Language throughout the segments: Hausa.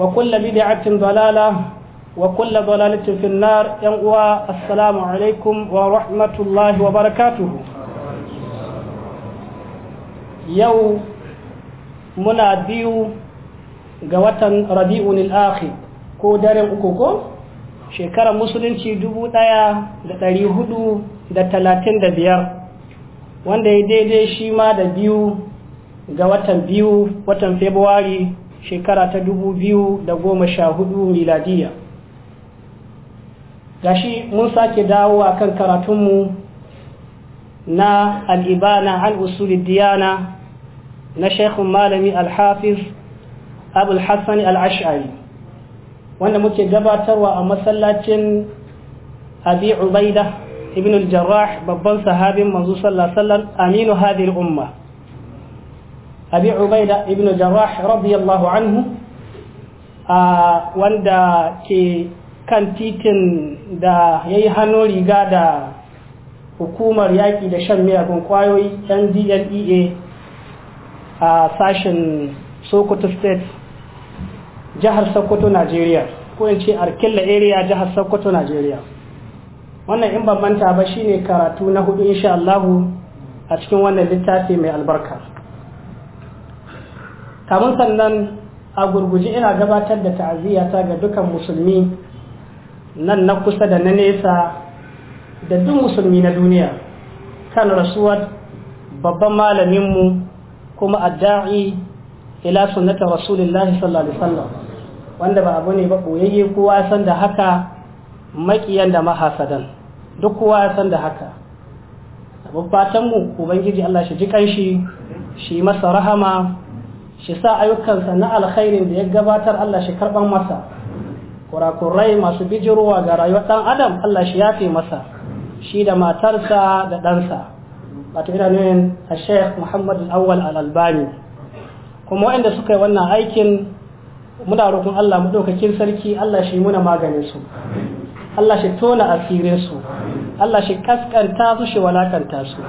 wa kulle bid'atin dalala wa kulle dalalatin yan uwa assalamu alaikum wa rahmatullahi wa barakatuhu yau muna biyu ga watan Rabi'u al ko daren uku ko shekarar musulunci dubu ɗaya da da da hudu talatin biyar. wanda ya daidai shi ma da biyu ga watan biyu watan Fabrairu. shekara ta dubu biyu da goma sha hudu miladiya gashi mun sake dawo a kan karatunmu na al'ibana an usulid diyana na shekun malami alhafiz abulhassan hassan al'ash'ari wanda muke gabatarwa a masallacin abi ubaida ibn al-jarrah babban sahabin manzo sallallahu alaihi wasallam aminu hadhihi al-umma abi ubaida ibn jarrah radiyallahu anhu wanda ke kan titin da ya yi riga da hukumar yaƙi da shan miyagun kwayoyi ndlea a sashen sokoto state jihar sokoto nigeria ko in ce arkilla area jihar sokoto nigeria wannan in ban manta ba shine karatu na hudu insha Allahu a cikin wannan littafi mai albarka kamun sannan a gurguji ina gabatar da ta'aziyata ga dukan musulmi nan na kusa da na nesa da duk musulmi na duniya kan rasuwar babban malaminmu kuma adda'i ila sunnata rasulillahi sallallahu alaihi wanda ba abu ne ba koyayye kowa san da haka makiyan da mahasadan duk kowa san da haka babbatanmu ubangiji Allah shi ji kanshi shi masa rahama shi sa ayyukansa na alkhairin da ya gabatar Allah shi karban masa kurakurai masu bijirowa ga rayuwar dan adam Allah shi yafe masa shi da matarsa da ɗansa wato ina nuyin a sheikh muhammad al-awwal al-albani kuma waɗanda suka yi wannan aikin muna roƙon Allah maɗaukakin sarki Allah shi muna maganin su Allah shi tona asirin su Allah shi kaskanta su shi walakanta su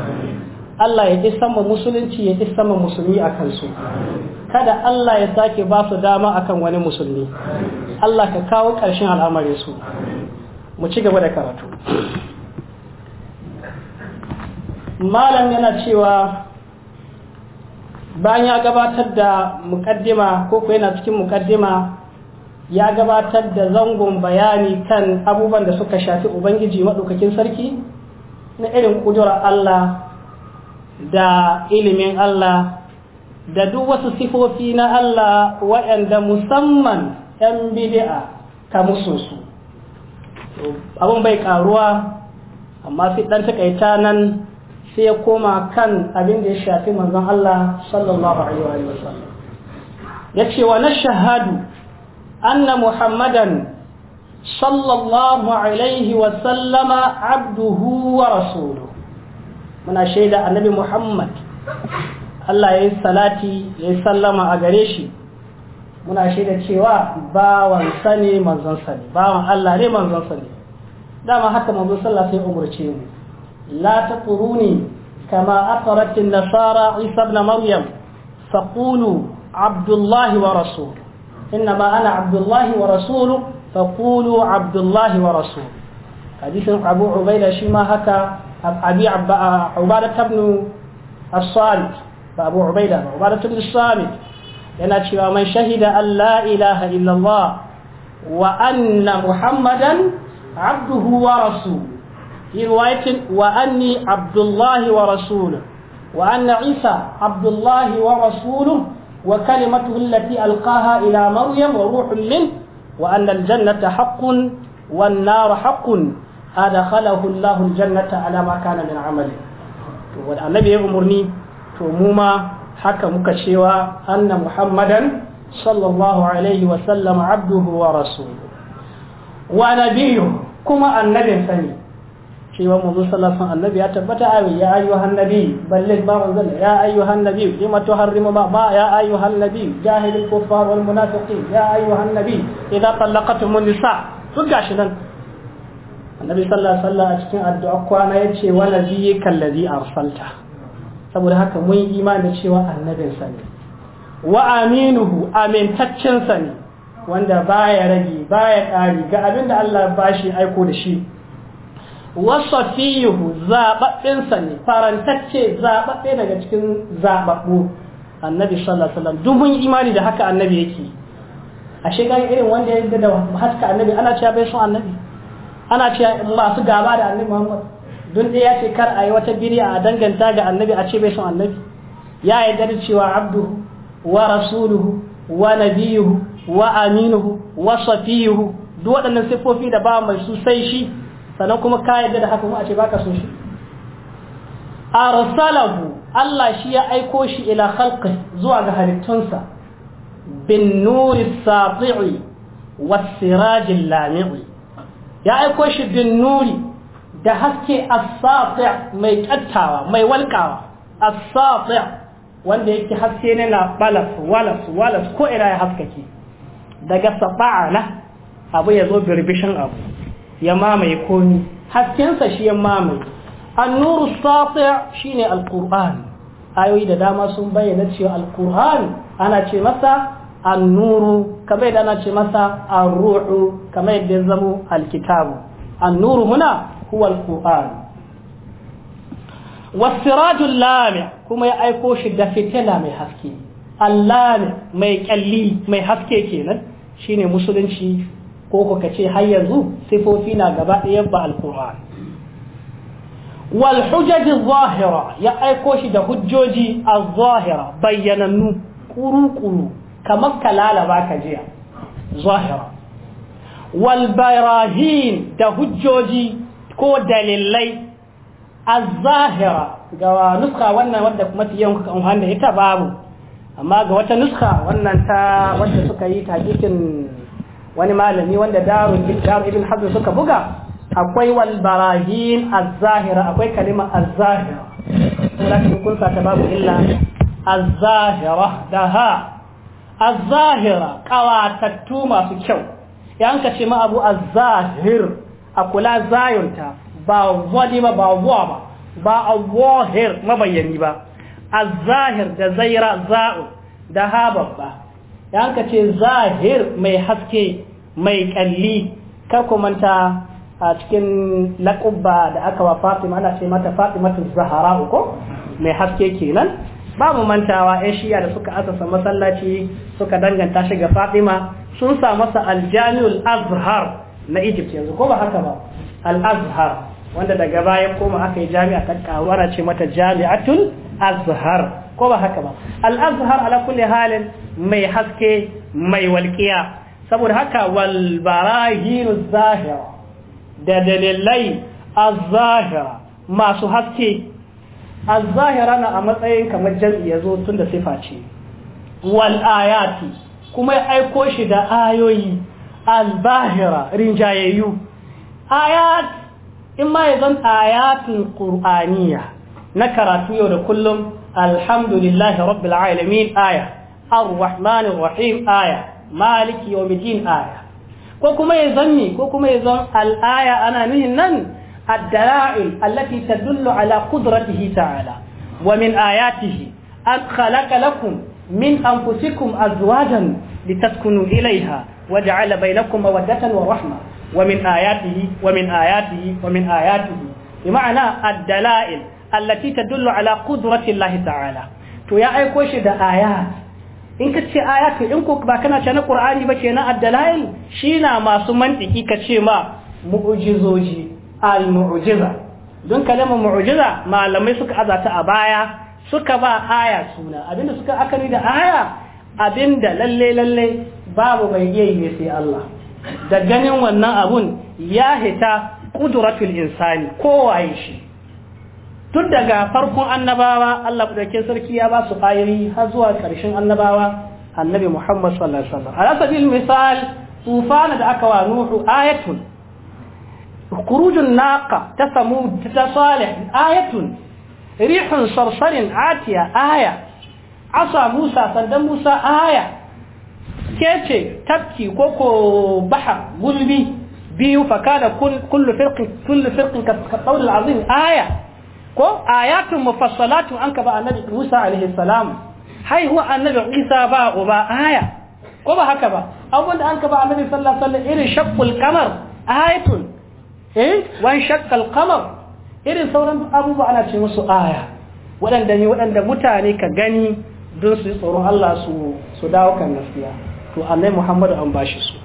Allah ya ƙi sama musulunci ya ƙi sama musulmi a kansu kada Allah ya sake ba su dama akan wani musulmi Allah ka kawo ƙarshen al'amarin su mu ci gaba da karatu malam yana cewa bayan ya gabatar da mukaddima ko ko yana cikin mukaddima ya gabatar da zangon bayani kan abubuwan da suka shafi ubangiji maɗaukakin sarki na irin ƙudurar Allah da ilimin Allah da duk wasu sifofi na Allah waɗanda musamman 'yan bid'a ta musu su abin bai karuwa amma sai ɗan taƙaita nan sai ya koma kan abin da ya shafi manzon Allah sallallahu alaihi wa sallam ya ce wa na shahadu anna muhammadan sallallahu alaihi wa sallama abduhu wa rasuluhu muna shaida annabi muhammad allah ya yi salati ya yi sallama a gare shi muna shaida cewa bawan sani manzon sani bawan allah ne manzon sani dama haka manzon sallah sai umurce mu la taquruni kama aqarat nasara isa na maryam faqulu abdullahi wa rasul ba ana Abdullahi wa ورسوله فقولوا Abdullahi wa ورسوله hadisin abu ubaida shi ma haka abi ubada ibn as-samit ba abu ubaida ba ubada ibn as-samit yana cewa man shahida an la ilaha illallah wa anna muhammadan abduhu wa rasuluhu في رواية وأني عبد الله ورسوله وأن عيسى عبد الله ورسوله وكلمته التي ألقاها إلى مريم وروح منه وأن الجنة حق والنار حق adkhalahu Allahu aljannata ala ma kana min amali to wanda annabi ya umurni to mu ma haka muka cewa anna muhammadan sallallahu alaihi wa sallam abduhu wa rasuluhu wa nabiyyu kuma annabin sani cewa manzo sallallahu alaihi annabi ya tabbata ayi ya ayyuhan nabi balligh ma manzal ya ayyuhan nabi lima tuharrimu ma ba. ya ayyuhan nabi jahilul kuffar wal munafiqin ya ayyuhan nabi idza talaqatumun nisa duk gashi nan annabi sallallahu alaihi wasallam a cikin addu'a kwana yace wa nabiyyika allazi arsalta saboda haka mun yi imani cewa annabin sa ne wa aminuhu amintaccen sa ne wanda baya rage baya kare ga abinda Allah ba shi aiko da shi wa safiyuhu zababbin sa ne farantacce zababbe daga cikin zababbu annabi sallallahu alaihi wasallam duk mun yi imani da haka annabi yake ashe ga irin wanda ya da haska annabi ana cewa bai son annabi ana cewa masu gaba da annabi Muhammad don ɗaya ya ce kar a yi wata biriya a danganta ga annabi a ce bai son annabi ya yarda da cewa abduhu wa rasuluhu wa nabiyuhu wa aminuhu wa safiyuhu duk waɗannan siffofi da ba mai su sai shi sannan kuma ka yarda da haka mu a ce baka son shi arsalahu Allah shi ya aiko shi ila khalqi zuwa ga halittunsa bin nuri sati'i was sirajil lami'i ya aiko shi bin nuri da haske asafi mai kattawa mai walƙawa asafi wanda yake haske ne na balas walas walas ko ina ya haskake daga na. abu ya zo birbishin abu ya mamaye komi haskensa shi ya mamaye annuru safi shine alkur'ani ayoyi da dama sun bayyana cewa alkur'ani ana ce masa annuru kamar yadda ana ce masa arru'u kamar yadda ya zamo alkitabu annuru muna huwa alquran lami kuma ya aiko shi da fitila mai haske allami mai kyalli mai haske kenan shine musulunci ko kuka ce har yanzu sifofi na gaba ɗaya ba alkuwar wal zahira ya aiko shi da hujjoji a zahira bayyanannu kuru kuru kamar ka lalaba ka jiya zahira walbarahin da hujjoji ko dalilai a zahira ga nuska wannan wadda kuma fiye kuka amfani da ita babu amma ga wata nuska wannan ta wadda suka yi takikin wani malami wanda darun ibn hazm suka buga akwai walbarahin a zahira akwai kalima a zahira kuma kun sa ta babu illa a zahira da ha az-zahira qawatattu masu kyau yan ka ce ma abu az-zahir zayunta ba wani ba ba wa ba ba awahir mabayyani ba az-zahir da zaira za'u da ha babba yan ka ce zahir mai haske mai kalli ka manta a cikin laƙubba da aka wa fatima ana ce mata fatimatu zahara ko mai haske kenan Babu mantawa yan shiya da suka asasa masallaci suka danganta shi ga fatima sun sa masa aljami'ul azhar na egypt yanzu ko ba haka ba al-azhar wanda daga baya koma aka yi jami'a ta karuwa ce mata jami'atul azhar ko ba haka ba al-azhar ala kulli halin mai haske mai walƙiya saboda haka wal barahinu zahira da dalilai az masu haske azzahira na a matsayin kamar jam'i tun da sifa ce wal ayati kuma ya aiko shi da ayoyi al-bahira rinjayayyu ayat in ma ya zan ayatul qur'aniya na karatu yau da kullum alhamdulillahi rabbil alamin aya ar-rahmanir rahim aya maliki yawmiddin aya ko kuma ya zanni ko kuma ya zan al-aya ana nihin nan الدلائل التي تدل على قدرته تعالى ومن آياته أن خلق لكم من أنفسكم أزواجا لتسكنوا إليها وجعل بينكم مودة ورحمة ومن آياته ومن آياته ومن آياته بمعنى الدلائل التي تدل على قدرة الله تعالى to ya aiko shi da aya in ka ce aya to in ko ba kana ce na qur'ani ba kenan addalail shi na masu mantiki ka ce ma mu'jizoji al-mu'jiza don kalamar mu'jiza malamai suka azata a baya suka ba aya suna abinda suka akari da aya abinda lalle lalle babu mai iya yi sai Allah da ganin wannan abun ya hita qudratul insani ko shi tun daga farkon annabawa Allah ɗauke sarki ya ba su ayoyi har zuwa ƙarshen annabawa annabi Muhammad sallallahu alaihi wasallam ala misal tufana da aka wa nuhu ayatun خروج الناقة تثمود تصالح آية ريح صرصر عاتية آية عصا موسى صندن موسى آية كيتشي تبكي كوكو بحر قلبي بيو فكان كل كل فرق كل فرق كالطول العظيم آية كو آيات مفصلات أنك بقى النبي موسى عليه السلام هاي هو النبي عيسى بقى وبقى آية كو هكذا haka ba عن النبي صلى الله عليه وسلم sallallahu شق القمر آية eh wan shakkal qamar irin sauran abubuwa ana ce musu aya waɗanda ne waɗanda mutane ka gani don su yi tsoron Allah su su dawo kan gaskiya to Allah Muhammadu an bashi su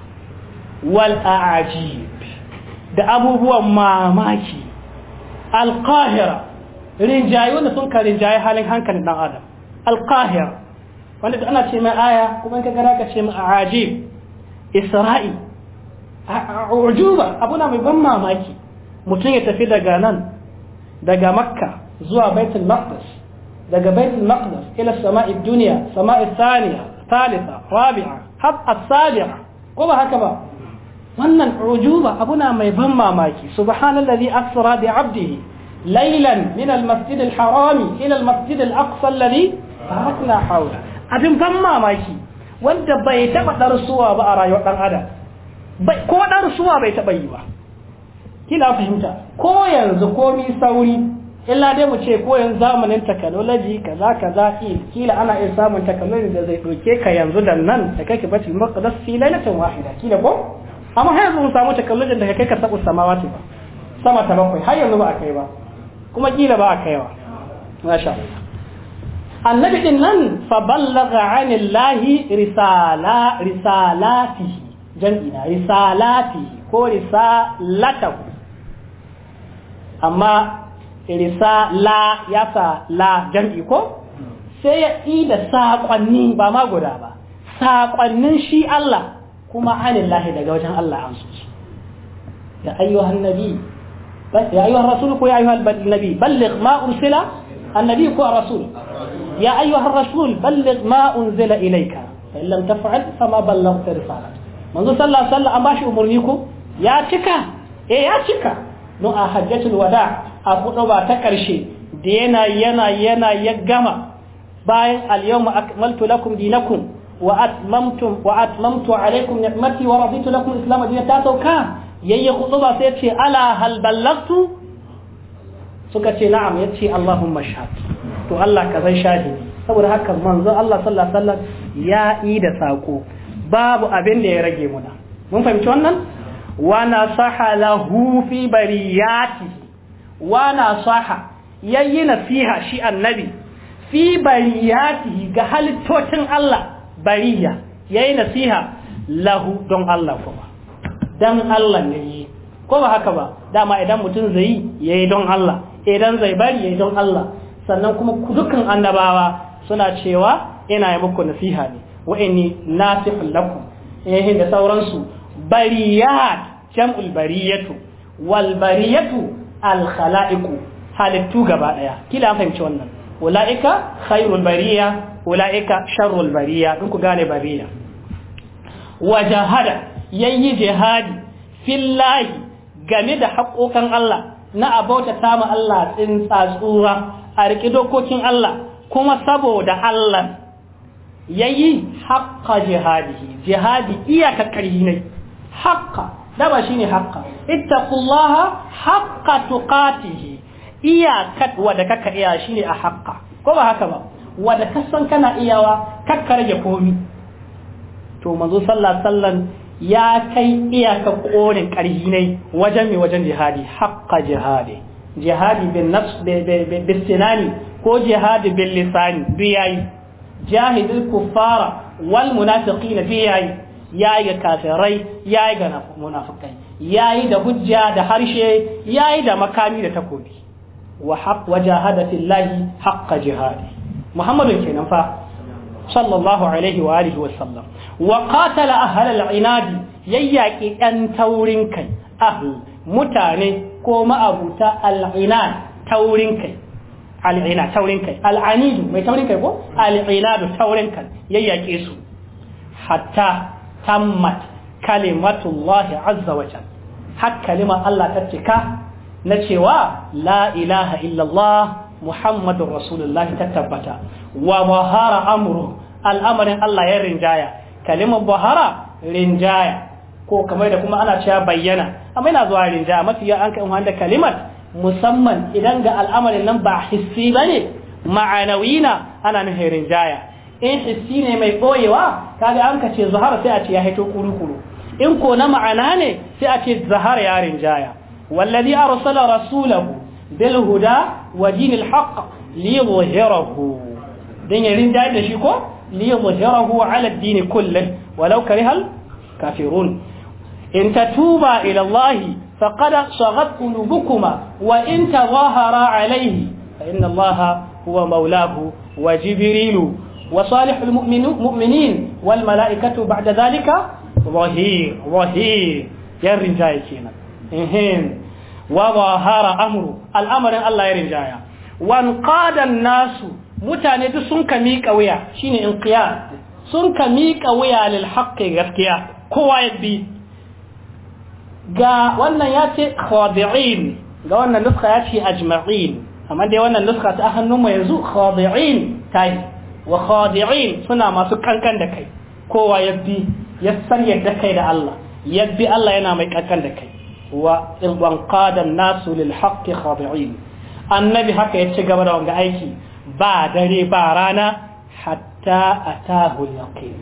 wal a'ajib da abubuwan mamaki alqahira rinjaye wanda sun ka rinjaye halin hankalin dan adam alqahira wanda ana ce mai aya kuma in ka gara ka ce mai a'ajib isra'i ujuba abuna mai ban mamaki mutum ya tafi daga nan daga makka zuwa baitul maqdis daga baitul maqdis ila sama'i duniya sama'i thaniya thalitha rabi'a har as-sabi'a ko ba haka ba wannan ujuba abuna mai ban mamaki subhanallazi asra bi 'abdihi laylan min al-masjid al-harami ila al-masjid al-aqsa alladhi barakna hawla abin ban mamaki wanda bai taba darsuwa ba a rayuwar dan adam ko ɗan rusuwa bai taɓa yi ba kila fahimta ko yanzu komi sauri illa dai mu ce ko yanzu zamanin technology kaza kaza kila ana iya samun technology da zai doke ka yanzu da nan da kake bace maqdas fi lailatin wahida kila ko amma har yanzu mun samu technology da kai ka sabu ta ba sama ta bakwai har yanzu ba a kai ba kuma kila ba a kai ba masha annabi din nan fa ballagha anillahi risala risalatihi jam'i na risalati ko risalatahu amma risala ya sa la jam'i ko sai ya ida saƙonni ba ma guda ba saƙonnin shi Allah kuma anillahi daga wajen Allah an su ya ayyuhan nabi ya ayyuhan rasul ko ya ayyuhan nabi balligh ma ursila annabi ko rasul ya ayyuhan rasul balligh ma unzila ilayka fa in lam taf'al fama ballaghta risalatahu manzo sallah sallah wasallam an bashi umarni ko ya cika eh ya cika no a hajjatul wada a hudu ba ta karshe da yana yana yana ya gama bayan al-yawma akmaltu lakum dinakum wa atmamtu wa atmamtu alaykum ni'mati wa raditu lakum islam dinan ta sauka yayye ba sai ce ala hal ballagtu suka ce na'am yace allahumma shahid to Allah ka zan shahidi saboda haka manzo Allah sallallahu alaihi wasallam ya yi da sako babu abin da ya rage muna mun fahimci wannan wa saha lahu fi bariyati wa saha yayi nasiha shi annabi fi bariyati ga halittocin Allah bariya yayi nasiha lahu don Allah kuma dan Allah ne yi ko ba haka ba dama idan mutum zai yayi don Allah idan zai bari yayi don Allah sannan kuma dukkan annabawa suna cewa ina yi muku nasiha ne wa'anni nasifin lakum eh da sauransu bariyat jam'ul bariyatu wal bariyatu al khalaiqu halittu gaba daya kila fahimci wannan ulaika khairul bariya ulaika sharrul bariya duk ku gane bariya wa yayi jihadi fillahi game da haƙoƙan Allah na abauta ta ma Allah tsin tsatsura a riƙi dokokin Allah kuma saboda Allah yayi haqqa jihadihi jihadi iyaka karhi ne haqqa daba shine haqqa ittaqullaha haqqa tuqatihi iyaka wanda kaka iya shine a haqqa ko ba haka ba wada kasan kana iyawa kakka rage komi to manzo sallallahu sallan ya kai iyaka korin karhi ne wajen mai wajen jihadi haqqa jihadi jihadi bin nafs bi sinani ko jihadi bil lisani bi yayi jahidin kuffara wal na fi yayi yi ga kafirai yayi ga munafikai yi da hujja da harshe yayi da makami da takobi wa haq fillahi haqqa jihadi muhammadun kenan fa sallallahu alaihi wa alihi wa sallam wa qatala inadi yayyaki ɗan taurin kai ahl mutane ko ma'abuta al'inad taurin kai al'ina taurin kai al'anidu mai taurin kai ko al'inadu taurin kai yayyake su hatta tammat kalimatullahi azza har kalima Allah ta cika na cewa la ilaha illallah muhammadu rasulullahi ta tabbata wa bahara amru al'amarin Allah ya rinjaya kalimar buhara rinjaya ko kamar da kuma ana cewa bayyana amma yana zuwa rinjaya mafi ya an kai wanda kalimar musamman idan ga al'amarin nan ba hissi ba ne ma'anawi na ana nufin rinjaya in hissi ne mai ɓoyewa kaga an ka ce sai a ce ya haito in ko na ma'ana ne sai a ce zahar ya rinjaya wallazi arsala rasulahu bil huda wa dinil haqq li yuzhirahu dan ya rinjaya da shi ko li yuzhirahu ala ad-din walau karihal kafirun in tatuba ila allahi فقد صغت قلوبكما وإن تظاهرا عليه فإن الله هو مولاه وجبريل وصالح المؤمنين والملائكة بعد ذلك ظهير ظهير يرن جاي كينا إهين وظهر أمر الأمر الله يرن جاي وانقاد الناس mutane duk sun ka miƙa wuya shine inqiyad sun ka miƙa wuya lil haqqi gaskiya kowa ya bi ga wannan ya ce khadi'in ga wannan nuska ya ce ajma'in amma dai wannan nuska ta hannun mu yanzu khadi'in tai wa khadi'in suna masu kankan da kai kowa ya ya san yadda kai da Allah ya bi Allah yana mai kankan da kai wa ilwan qadan nasu lil haqqi khadi'in annabi haka ya ci gaba da wanga aiki ba dare ba rana hatta atahu yaqin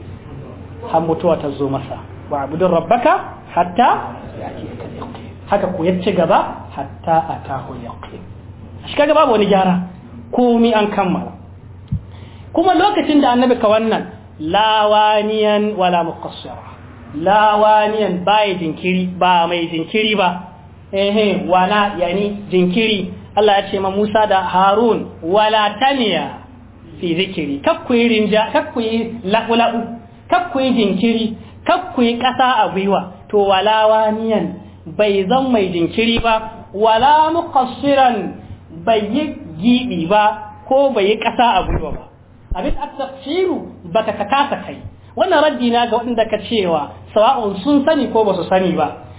har mutuwa ta zo masa wa abdur rabbaka hatta haka ku yace gaba hatta atahu yaqin shi kaga babu wani gyara komi an kammala kuma lokacin da annabi ka wannan lawaniyan wala muqassira lawaniyan bai jinkiri ba mai jinkiri ba ehe wala yani jinkiri Allah ya ce ma Musa da Harun wala taniya fi zikiri kakkuyi rinja kakkuyi laƙulaƙu kakkuyi jinkiri kakkuyi ƙasa a gwiwa to wala waniyan bai zan mai jinkiri ba wala muqassiran bai yi gibi ba ko bai yi kasa a gwiwa ba abin at taqsiru baka ka kasa kai wannan raddi na ga wanda ka cewa sawa'un sun sani ko basu sani ba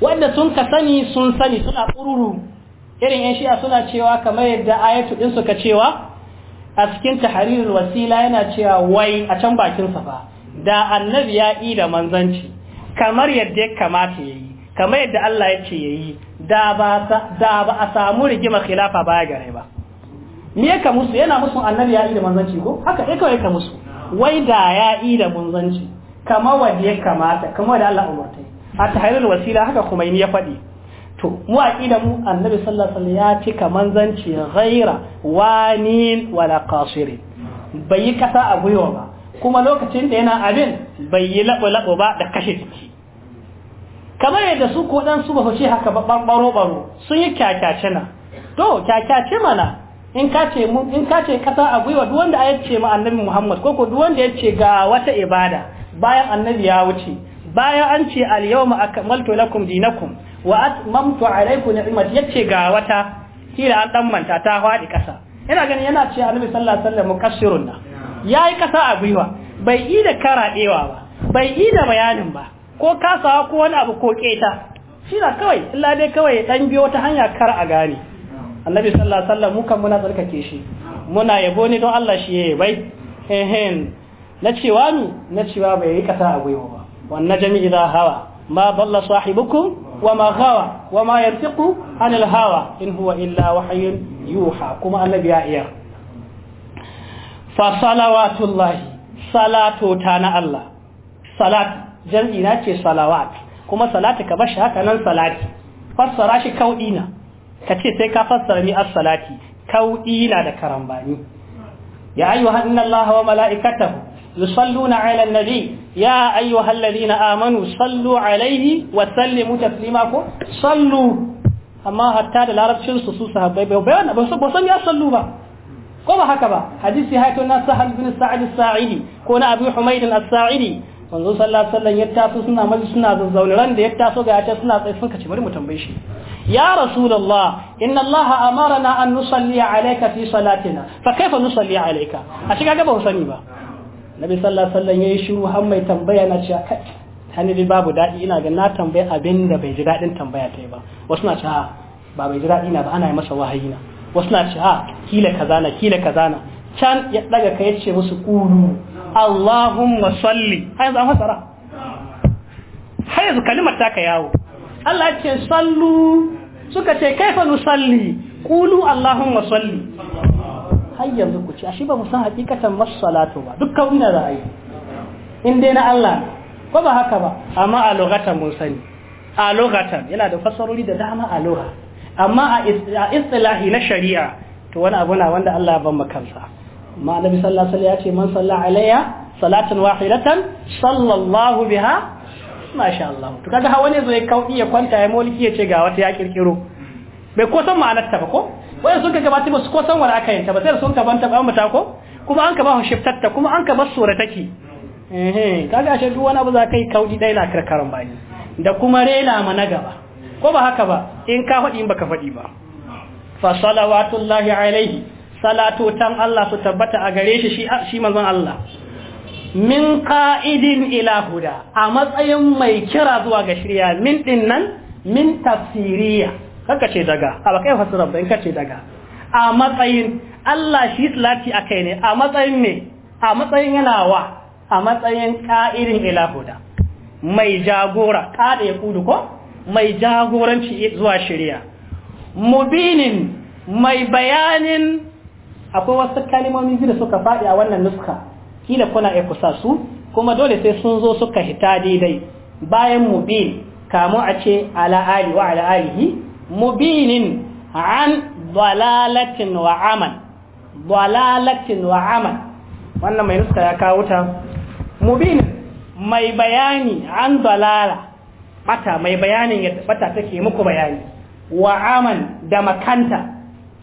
wanda sun ka sani sun sani suna kururu irin yan shi'a suna cewa kamar yadda ayatu din suka cewa a cikin tahrirul wasila yana cewa wai a can bakin sa da annabi ya yi da manzanci kamar yadda ya kamata ya yi kamar yadda Allah ya ce ya yi da ba a samu rigima khilafa baya gare ba me yake musu yana musu annabi ya yi da manzanci ko haka yake yake musu wai da ya yi da manzanci kamar wanda ya kamata kamar da Allah umarta a tahayyul wasila haka kuma ya faɗi to mu a da mu annabi sallallahu alaihi wasallam ya cika manzanci ghaira wanin wala qasirin bai kasa a gwiwa ba kuma lokacin da yana abin bai yi laɓo-laɓo ba da kashe suke. kamar yadda su ko dan su ba haka ba baro-baro sun yi kyakyace na to kyakyace mana in ka ce kasa a gwiwa duk wanda ya ce ma annabi Muhammad ko ko duk ya ce ga wata ibada bayan annabi ya wuce bayan an ce al yawma akmaltu lakum dinakum wa atmamtu alaykum ya ce ga wata kila an dan manta ta haɗi ƙasa. ina ganin yana ce annabi sallallahu alaihi wasallam mukassirun ya yi ƙasa a gwiwa bai yi da karaɗewa ba bai yi da bayanin ba ko kasawa ko wani abu ko keta shi na kawai illa dai kawai ɗan biyo ta hanya kar a gane annabi sallallahu alaihi mukan muna tsarkake shi muna yabo ne don Allah shi yayi bai ehem na cewa ni na cewa bai yi kasa a gwiwa ba wannan jami'i da hawa ma dalla sahibukum wa ma ghawa wa ma yantiqu anil hawa in huwa illa wahyun yuha kuma annabi ya iya fa salawatullahi salato ta na Allah salat jam'i na ce salawat kuma salati ka bashi haka nan salati fassara shi kauɗina ka ce sai ka fassara ni as-salati kauɗina da karambani ya ayyuha inna Allah wa mala'ikatahu yusalluna 'ala an-nabi ya ayyuhal ladina amanu sallu 'alaihi wa sallimu taslima ko sallu amma hatta da larabcin su su sahabbai bai bai wannan ba san ya sallu ba ko ba haka ba hadisi haito na sahal bin sa'id saidi ko na abu humayd as-sa'idi manzo sallallahu alaihi wasallam ya taso suna maji suna ran da ya taso ga ta suna tsaye sun kace bari mu tambaye shi ya rasulullah inna allah amarna an nusalli alayka fi salatina fa kaifa nusalli alayka a shiga gaba sani ba nabi sallallahu alaihi wasallam yayi shiru har mai tambaya na cewa kai hani da babu dadi ina ga na tambaye abin da bai ji dadin tambaya ta ba wasu na cewa ba bai ji dadi na ba ana yi masa wahayi na wasu na ce ha kila kazana kila kazana can ya daga ka yace musu Kulu. Allahumma salli Ha yanzu an fasara har yanzu kalimar ta ka yawo Allah ya ce sallu suka ce kaifa nusalli Kulu Allahumma salli har yanzu ku ce ashe ba mu san hakikatan masalatu ba dukkan inda za a yi in dai na Allah ko ba haka ba amma a lugatan mun sani a lugatan yana da fasarori da dama a lugatan amma a istilahi na shari'a to wani abu na wanda Allah ban makansa amma annabi sallallahu alaihi wasallam ya ce man salla alayya salatan wahidatan sallallahu biha masha Allah to kaga hawa ne zo ya kauɗi ya kwanta ya mulki ya ce ga wata ya kirkiro bai ko san ma'anar ta ba ko wai sun ka gabata ba su ko san wani aka yanta ba sai sun ka banta ba mu ta ko kuma an ka ba hun shiftatta kuma an ka bar sura take eh eh kaga shi duk wani abu za kai kauɗi dai na karkaran bani da kuma rela ma na gaba ko ba haka ba in ka faɗi in baka faɗi ba fa salawatullahi alaihi salatu tan Allah su tabbata a gare shi shi manzon Allah min qa'idin ila huda a matsayin mai kira zuwa ga shirya min dinnan min tafsiriya kaka ce daga a kai yi fasira ba in ka ce daga a matsayin Allah shi salati akai ne a matsayin ne a matsayin yana wa a matsayin qa'idin ila huda mai jagora kada ya kudu ko mai jagoranci zuwa shari'a mubinin mai bayanin akwai wasu kalimomi biyu da suka faɗi a wannan nuska kila kuna iya kusa su kuma dole sai sun zo suka hita daidai bayan mubin kamo a ce ala wa ala mubinin an dalalatin wa aman dalalatin wa aman wannan mai nuska ya kawo ta mubinin mai bayani an dalala bata mai bayanin ya bata take muku bayani wa aman da makanta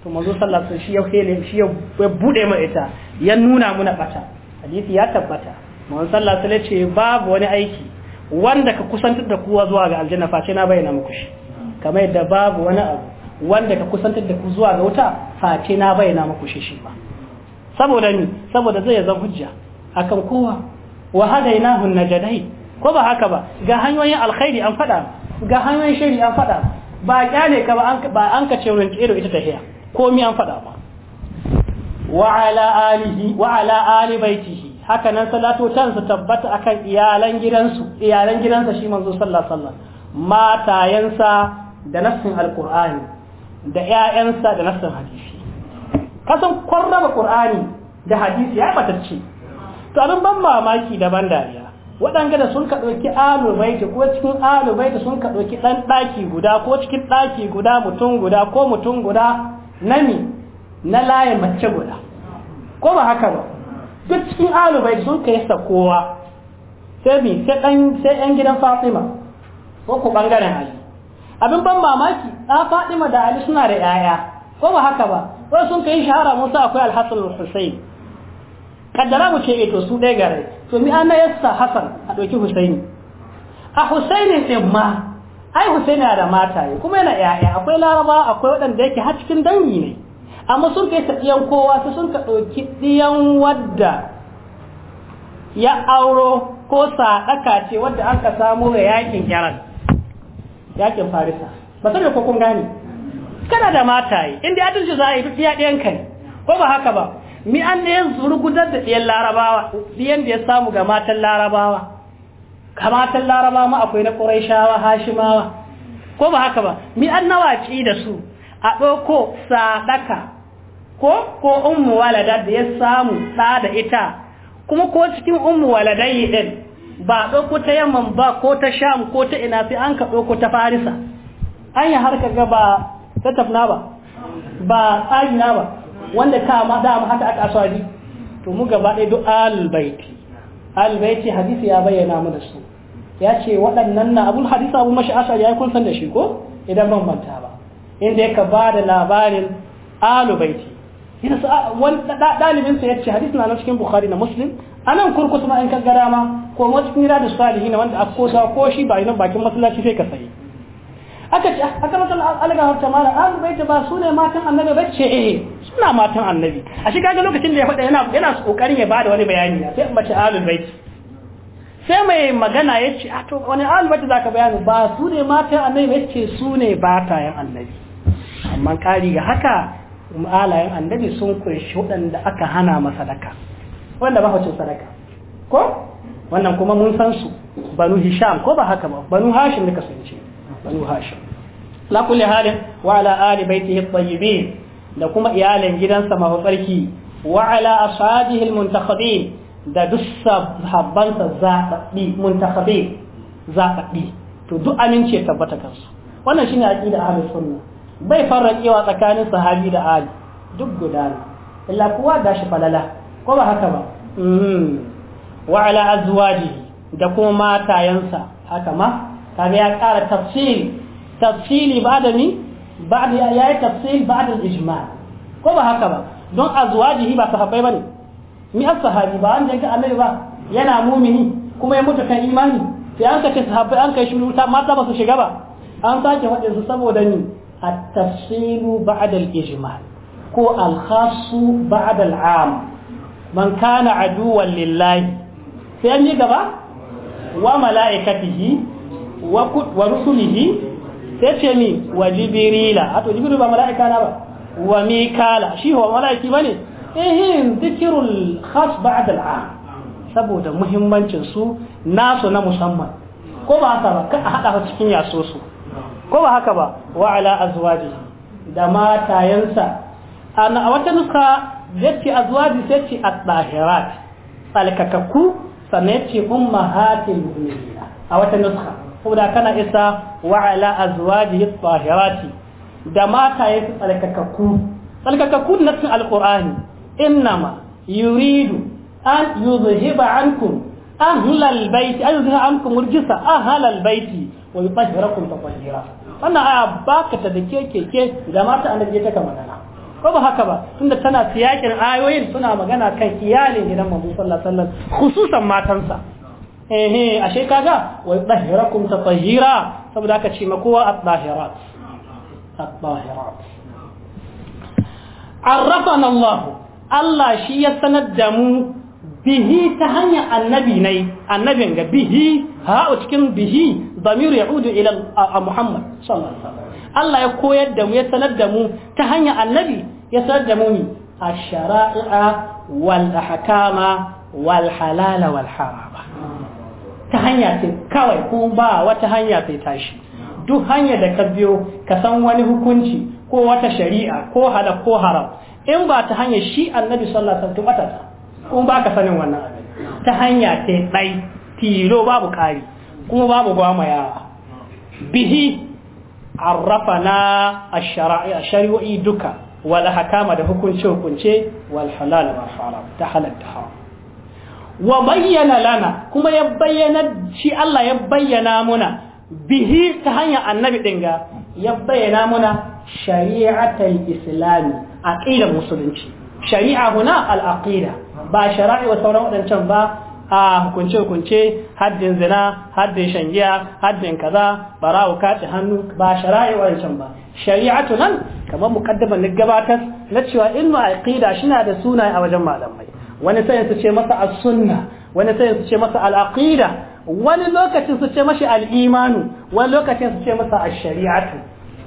to manzo sallallahu alaihi wasallam shi ya shi ya bude mu ita ya nuna muna bata hadisi ya tabbata manzo sallallahu alaihi wasallam ce babu wani aiki wanda ka kusantar da kowa zuwa ga aljanna face na bayyana muku shi kamar yadda babu wani abu wanda ka kusantar da ku zuwa ga wuta face na bayyana muku shi shi ba saboda ni saboda zai zan hujja akan kowa wa hadainahu najdain ko ba haka ba ga hanyoyin alkhairi an faɗa ga hanyoyin shiri an faɗa ba kyale ka ba an ka ce wurin ƙero ita tahiya mi an faɗa ba wa ala alihi wa ala ali baitihi haka nan salatu tan su tabbata akan iyalan gidansu iyalan gidansa shi manzo sallallahu alaihi wasallam matayansa da nassin alqur'ani da ƴaƴansa da nassin hadisi kasan kwarraba qur'ani da hadisi ya batacce to abin ban mamaki daban dariya waɗanda da sun ka ɗauki alubaita ko cikin alubaita sun ka ɗauki ɗan ɗaki guda ko cikin ɗaki guda mutum guda ko mutum guda nami na layin mace guda ko ba haka ba duk cikin alubaita sun ka yi kowa sai bi sai ɗan gidan fatima ko ku ɓangaren ali abin ban mamaki ɗa fatima da ali suna da 'ya'ya ko ba haka ba wai sun ka yi shahara musa akwai alhassan hussein kaddara mu ce ito eh, su ɗaya gare to mi ana yassa hasan a ɗauki husaini a husaini ɗin ma ai husaini na da mataye kuma yana yaya akwai laraba akwai waɗanda yake har cikin dangi ne amma sun kai ta ɗiyan kowa su sun ka ɗauki ɗiyan wadda ya auro ko saɗaka ce wadda an ka samu ga yakin yaran yakin farisa ba sai da kun gane kana da mataye inda adalci za a yi fiya ɗiya ɗiyan kai ko ba haka ba mi an ne rugudar da ɗiyan larabawa ɗiyan da ya samu ga matan larabawa ga matan larabawa akwai na ƙuraishawa hashimawa ko ba haka ba mi an nawaci da su a ɗauko sadaka ko ko ummu walada da ya samu ɗa da ita kuma ko cikin ummu yi ɗin ba ɗauko ta yamman ba ko ta sham ko ta ina sai an ka ɗauko ta farisa an yi harka ga ba ta tafna ba ba tsagina ba wanda ka ma da haka aka asali to mu gaba ɗaya duk albaiti albaiti hadisi ya bayyana mana su ya ce waɗannan na abul hadisi abu mashi asali ya kun san da shi ko idan ban manta ba inda ka ba da labarin alubaiti yana sa wani ɗalibin sa ya ce hadisi na cikin bukhari na muslim anan kurkusa ma in ka gara ma ko ma cikin radu na wanda a kosa ko shi ba idan bakin masallaci sai ka sayi aka ce ah, aka masal alaga hafta mala alubaiti ba su ne matan annabi bacce eh suna matan annabi a shi kaga lokacin da ya faɗa yana yana kokarin ya bada wani bayani sai an mace ahlul bait sai mai magana ya ce a to wani ahlul bait zaka bayani ba su ne matan annabi ya ce su ne batayen annabi amma kari ga haka alayen annabi sun kunshi waɗanda aka hana ma sadaka wanda ba hacin sadaka ko wannan kuma mun san su banu hisham ko ba haka ba banu hashim ne kasance banu hashim la kulli halin wa ala ali baitihi tayyibin da kuma iyalan gidansa masu tsarki wa ala ashabihi almuntakhabin da duk sahabbansa zababbi muntakhabin zababbi to duk aminci ya tabbata kansu wannan shine aqida ahlus sunna bai farrakewa tsakanin sahabi da ali duk guda ne illa kowa da shi falala ko ba haka ba mm-hmm. wa ala azwajihi da kuma matayansa haka ma kaga ya ƙara tafsiri tafsiri ba da ni ba'd ya yi tafsil ba'd al-ijma' ko ba haka ba don azwajihi ba sahabbai bane mi as-sahabi ba an ba yana mumini kuma ya mutu kan imani sai an kace sahabbai an kai shi wuta mata ba su shiga ba an sake faɗin su saboda ni at-tafsilu ba'd al-ijma' ko al-khassu ba'd al-'am man kana aduwan lillahi sai an yi gaba wa mala'ikatihi wa rusulihi sai ce mi wa jibrila a to jibril ba mala'ika na ba wa mikala shi wa mala'iki khas saboda muhimmancin su nasu na musamman ko ba haka ba ka cikin yaso su ko ba haka ba wa ala azwaji da matayansa a wata nuka yake azwaji sai ce at-tahirat sannan a wata nuska saboda kana isa wa ala azwajihi tahirati da mata ya su tsalkakakku tsalkakakku na cikin alqur'ani innama yuridu an yuzhiba ankum ahlal baiti an yuzhiba ankum murjisa ahlal baiti wa yutahhirakum tatahira wannan aya baka ta da kekeke da mata annabi ta ka magana ko ba haka ba tunda tana siyakin ayoyin suna magana kan iyalin gidan manzo sallallahu alaihi wasallam khususan matansa ehe ashe kaga wa tahirakum tatahira saboda aka ce makowa at-tahirat at-tahirat arrafana Allah Allah shi ya sanar da mu bihi ta hanyar annabi nai annabin ga bihi ha cikin bihi ya yaudu ila Muhammad sallallahu alaihi wasallam Allah ya koyar da mu ya sanar da mu ta hanyar annabi ya sanar da mu ni a sharaa wal ahkama wal halala wal haram ta hanya ce kawai ko ba wata hanya sai tashi duk hanya da ka biyo ka san wani hukunci ko wata shari'a ko halal ko haram in ba ta hanya shi annabi sallallahu alaihi wasallam ta kuma ba ka sanin wannan ta hanya ce dai tilo babu kari kuma babu gwamaya bihi arrafana ash-shari'i duka wal hakama da hukunce hukunce wal halal wal haram ta halal ta haram wa bayyana lana kuma ya bayyana shi Allah ya bayyana muna bihi ta hanyar annabi din ga ya bayyana muna shari'atul islami aqidar musulunci shari'a huna al-aqida ba shari'a wa sauran wadancan ba a hukunce-hukunce haddin zina haddin shangiya haddin kaza barawo kace hannu ba shari'a wancan ba shari'atu nan kamar na gabatar na cewa ilmu aqida shina da sunaye a wajen malamai wani sayin su ce masa as-sunna wani sayin su ce masa al-aqida wani lokacin su ce mashi al-imanu wani lokacin su ce masa ash-shari'atu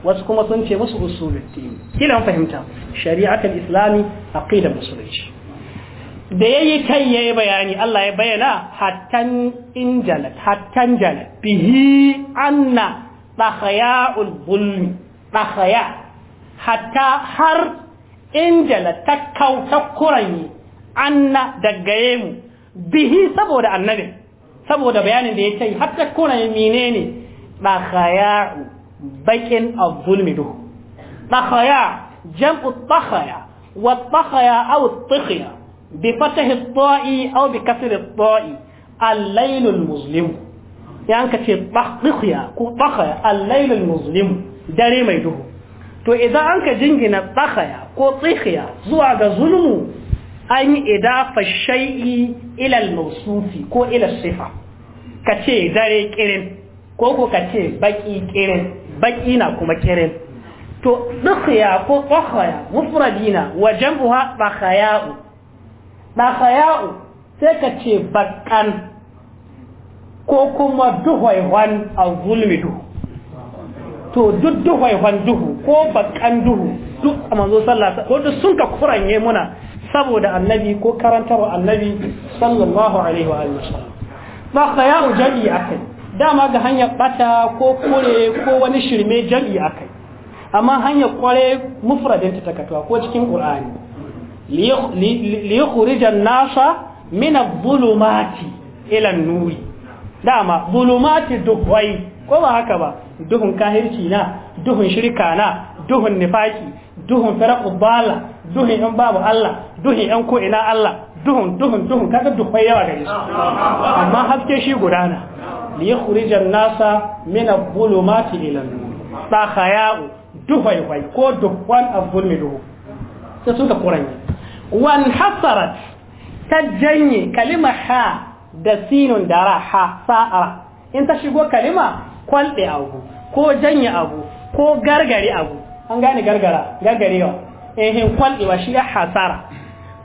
wasu kuma sun ce musu usuluddin kila mun fahimta shari'atul islami aqida musulunci da yayi kai yayi bayani Allah ya bayyana hattan injalat hattan jalat bihi anna dakhya'ul zulmi dakhya hatta har injala takkau takkurani anna daggaye mu bihi saboda annabin saboda bayanin da ya ce hatta kona menene dakhaya bakin a zulmi duhu dakhaya jam'u dakhaya wa dakhaya aw dakhaya bi fatahi at-ta'i aw bi kasri at-ta'i al-layl al-muzlim yan ce dakhaya ko dakhaya al-layl al dare mai duhu to idan an ka jingina dakhaya ko dakhaya zuwa ga zulmu an yi idafa shai'i ilal mausufi ko ilal sifa ka ce dare kirin ko ko ka ce baki kirin baki na kuma kirin to dukhya ko tsakhaya mufradina wa jam'uha bakhaya'u bakhaya'u sai ka ce bakan ko kuma duhwaiwan a zulmi duhu to duk duhwaiwan duhu ko bakan duhu duk a manzo sallah ko duk sun ka kuranye muna saboda annabi ko karantarwa annabi sallallahu alaihi wa sallam ba khayaru jami'i akai dama ga hanyar bata ko kore ko wani shirme jami'i akai amma hanyar kware mufradin ta takatuwa ko cikin qur'ani li yukhrija an-nasa min adh-dhulumati ila an-nuri dama dhulumati duhwai ko ba haka ba duhun kahirci na duhun shirka na duhun nifaki duhun farqu bala duhun yan babu Allah duhun yan ko ina Allah duhun duhun duhun kaga duhai yawa gare su amma haske shi gudana li yukhrijan nasa min adh-dhulumati ila an-nur duhai wai ko duhwan adh-dhulmi duhu sai suka kuranye wan hasarat ta janye kalima ha da sinun dara ha sa'ara in ta shigo kalima kwalde abu ko janye abu ko gargare abu an gane gargara gargarewa ehin kwallewa shi ya hasara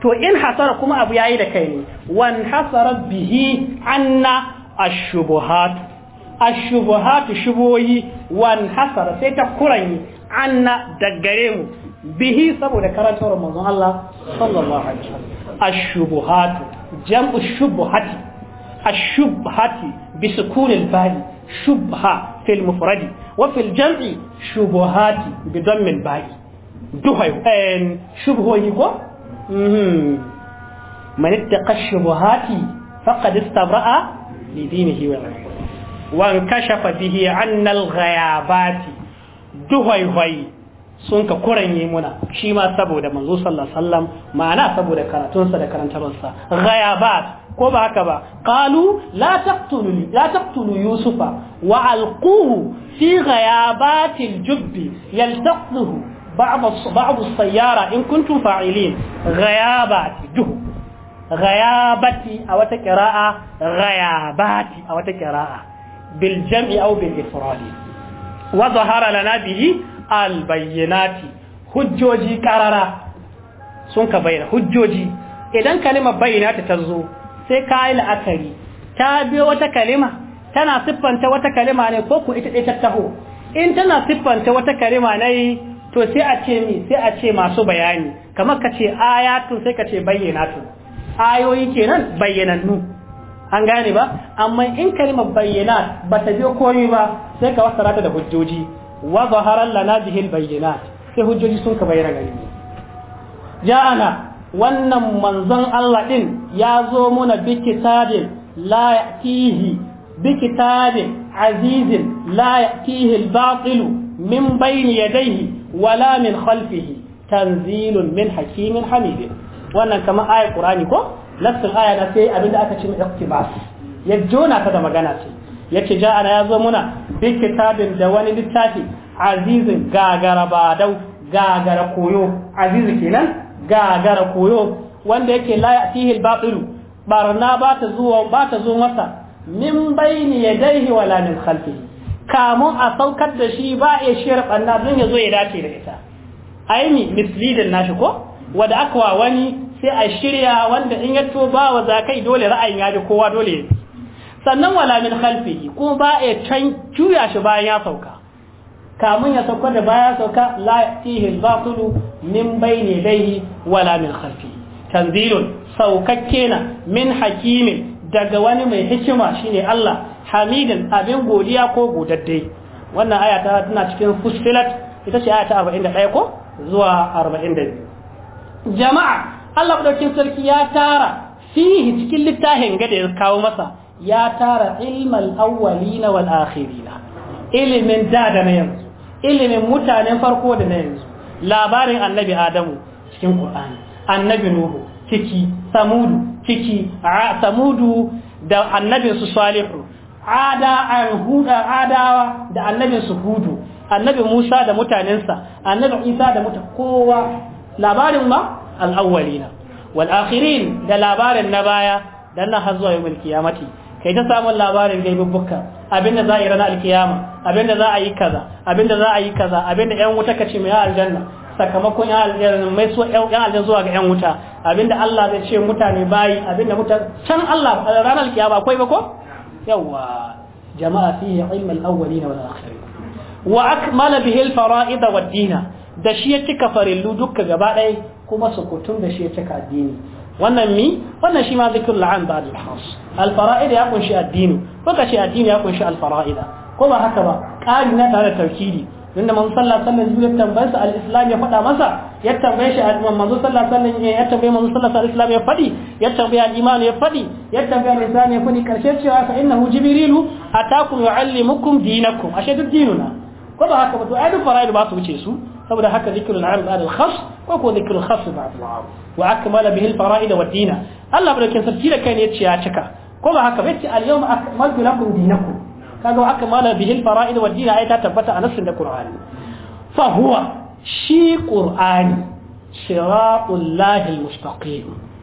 to in hasara kuma abu ya yi da kai ne wan hasara bihi anna ashubuhat ashubuhat shuboyi wan hasara sai ta kuranyi anna daggare mu bihi saboda karantar manzon Allah sallallahu alaihi wasallam jam'u shubuhati ashubhati bi sukunil bai shubha fil mufradi wa fil jam'i shubuhati bi al-ba'i duhai shubhohi ko man ittaqa shubuhati faqad istabra'a li dinihi wa wan kashafa bihi anna al-ghayabati duhai sun ka kuranye muna shi ma saboda manzo sallallahu alaihi ma'ana saboda karatunsa da karantarwarsa ghayabat ko ba haka ba qalu la taqtulu la taqtulu yusufa wa alquhu fi ghayabatil jubbi yaltaquhu ba'd as-sayyara in kuntum fa'ilin ghayabati duhu ghayabati a wata qira'a ghayabati a wata qira'a bil jam'i aw bil ifrad wa zahara lana bihi hujjoji karara sun ka bayyana hujjoji idan kalimar bayyinati ta zo sai ka yi la'akari ta biyo wata kalima tana siffanta wata kalima ne ko ku ita ɗaya ta taho in tana siffanta wata kalima nayi. to sai a ce mi sai a ce masu bayani kamar ka ce ayatun sai ka ce bayyanatun ayoyi kenan bayyanannu an gane ba amma in kalmar bayyana ba ta biyo komai ba sai ka wasa rata da hujjoji wa zaharan lana bihil bayyana sai hujjoji sun ka bayyana gari ja'ana wannan manzon Allah din ya zo muna bi kitabin la ya'tihi bi kitabin azizin la ya'tihi al-batil min bayni yadayhi wala min khalfihi tanzilun min hakimin hamidin wannan kamar ayar qur'ani ko nassin aya na sai abinda aka ce iqtibas ya jona ta da magana ce yace ja'ana ya zo muna bi kitabin da wani littafi azizin gagara badau gagara koyo azizi kenan gagara koyo wanda yake la ya'tihi al barna ba ta zuwa ba ta zo masa min bayni yadayhi wala min khalfihi kamun a saukar da shi ba ya shiyar banna don ya zo ya dace da ita ni misleading nashi ko wanda aka wa wani sai a shirya wanda in ya to wa zakai dole ra'ayin ya kowa dole sannan wala min khalfihi kuma ba ya can juya shi bayan ya sauka kamun ya sauka da bayan sauka la yatihi al-batilu min ne dai wala min khalfihi tanzilun saukakke na min hakimin daga wani mai hikima shine Allah hamidin abin godiya ko godadde wannan aya ta tana cikin fusilat ita ce aya ta 41 ko zuwa 42 jama'a Allah madaukin sarki ya tara fihi cikin littafin gada ya kawo masa ya tara ilmal awwalina wal akhirina ilimin da da na yanzu ilimin mutanen farko da na yanzu labarin annabi adamu cikin qur'ani annabi nuhu ciki samudu ciki samudu da annabinsu salihu ada huda adawa da annabin su hudu annabi musa da mutanensa annabi isa da muta kowa labarin ma al'awwalina wal akhirin da labarin na baya dan na har zuwa yawmul qiyamati kai ta samun labarin gaibubbuka abinda za a yi ranar alkiyama abinda za a yi kaza abinda za a yi kaza abinda yan wuta kace mai aljanna sakamakon yan aljanna mai so yan aljanna zuwa ga yan wuta abinda Allah zai ce mutane bayi abinda mutan can Allah ranar alkiyama akwai ba ko yawa jama'a fihi ilm awali na wani akhirin wa akmala bihi al-fara'id wad dina da shi ya cika farillu duka gaba ɗaya kuma sukutun da shi ya cika addini wannan mi wannan shi ma zikrul la'an ba al-khas al-fara'id ya kunshi addini kuka ce addini ya kunshi al-fara'ida ko ba haka ba ƙari na tare da tawkidi tunda man sallallahu alaihi wasallam tambayar sa al-islam ya faɗa masa ya tambaye shi manzo sallallahu alaihi wasallam ya tambaye manzo sallallahu alaihi wasallam ya fadi ya tambaye al-iman ya fadi ya tambaye al-insan ya fadi karshe cewa fa innahu jibrilu atakum yuallimukum dinakum ashe duk dinuna ko ba haka ba to ai duk fara'id ba su wuce su saboda haka zikrul am ba'd al-khas ko ko zikrul khas ba'd al-am wa akmala bihi al-fara'id wa ad-din Allah barkin sarki da kai ya ce ya cika ko ba haka ba yace al-yawma akmaltu lakum dinakum kaga wa akmala bihi al-fara'id wa ad-din ai ta tabbata a nassin da Qur'ani fa huwa shi ƙur'ani shiraɓun lahil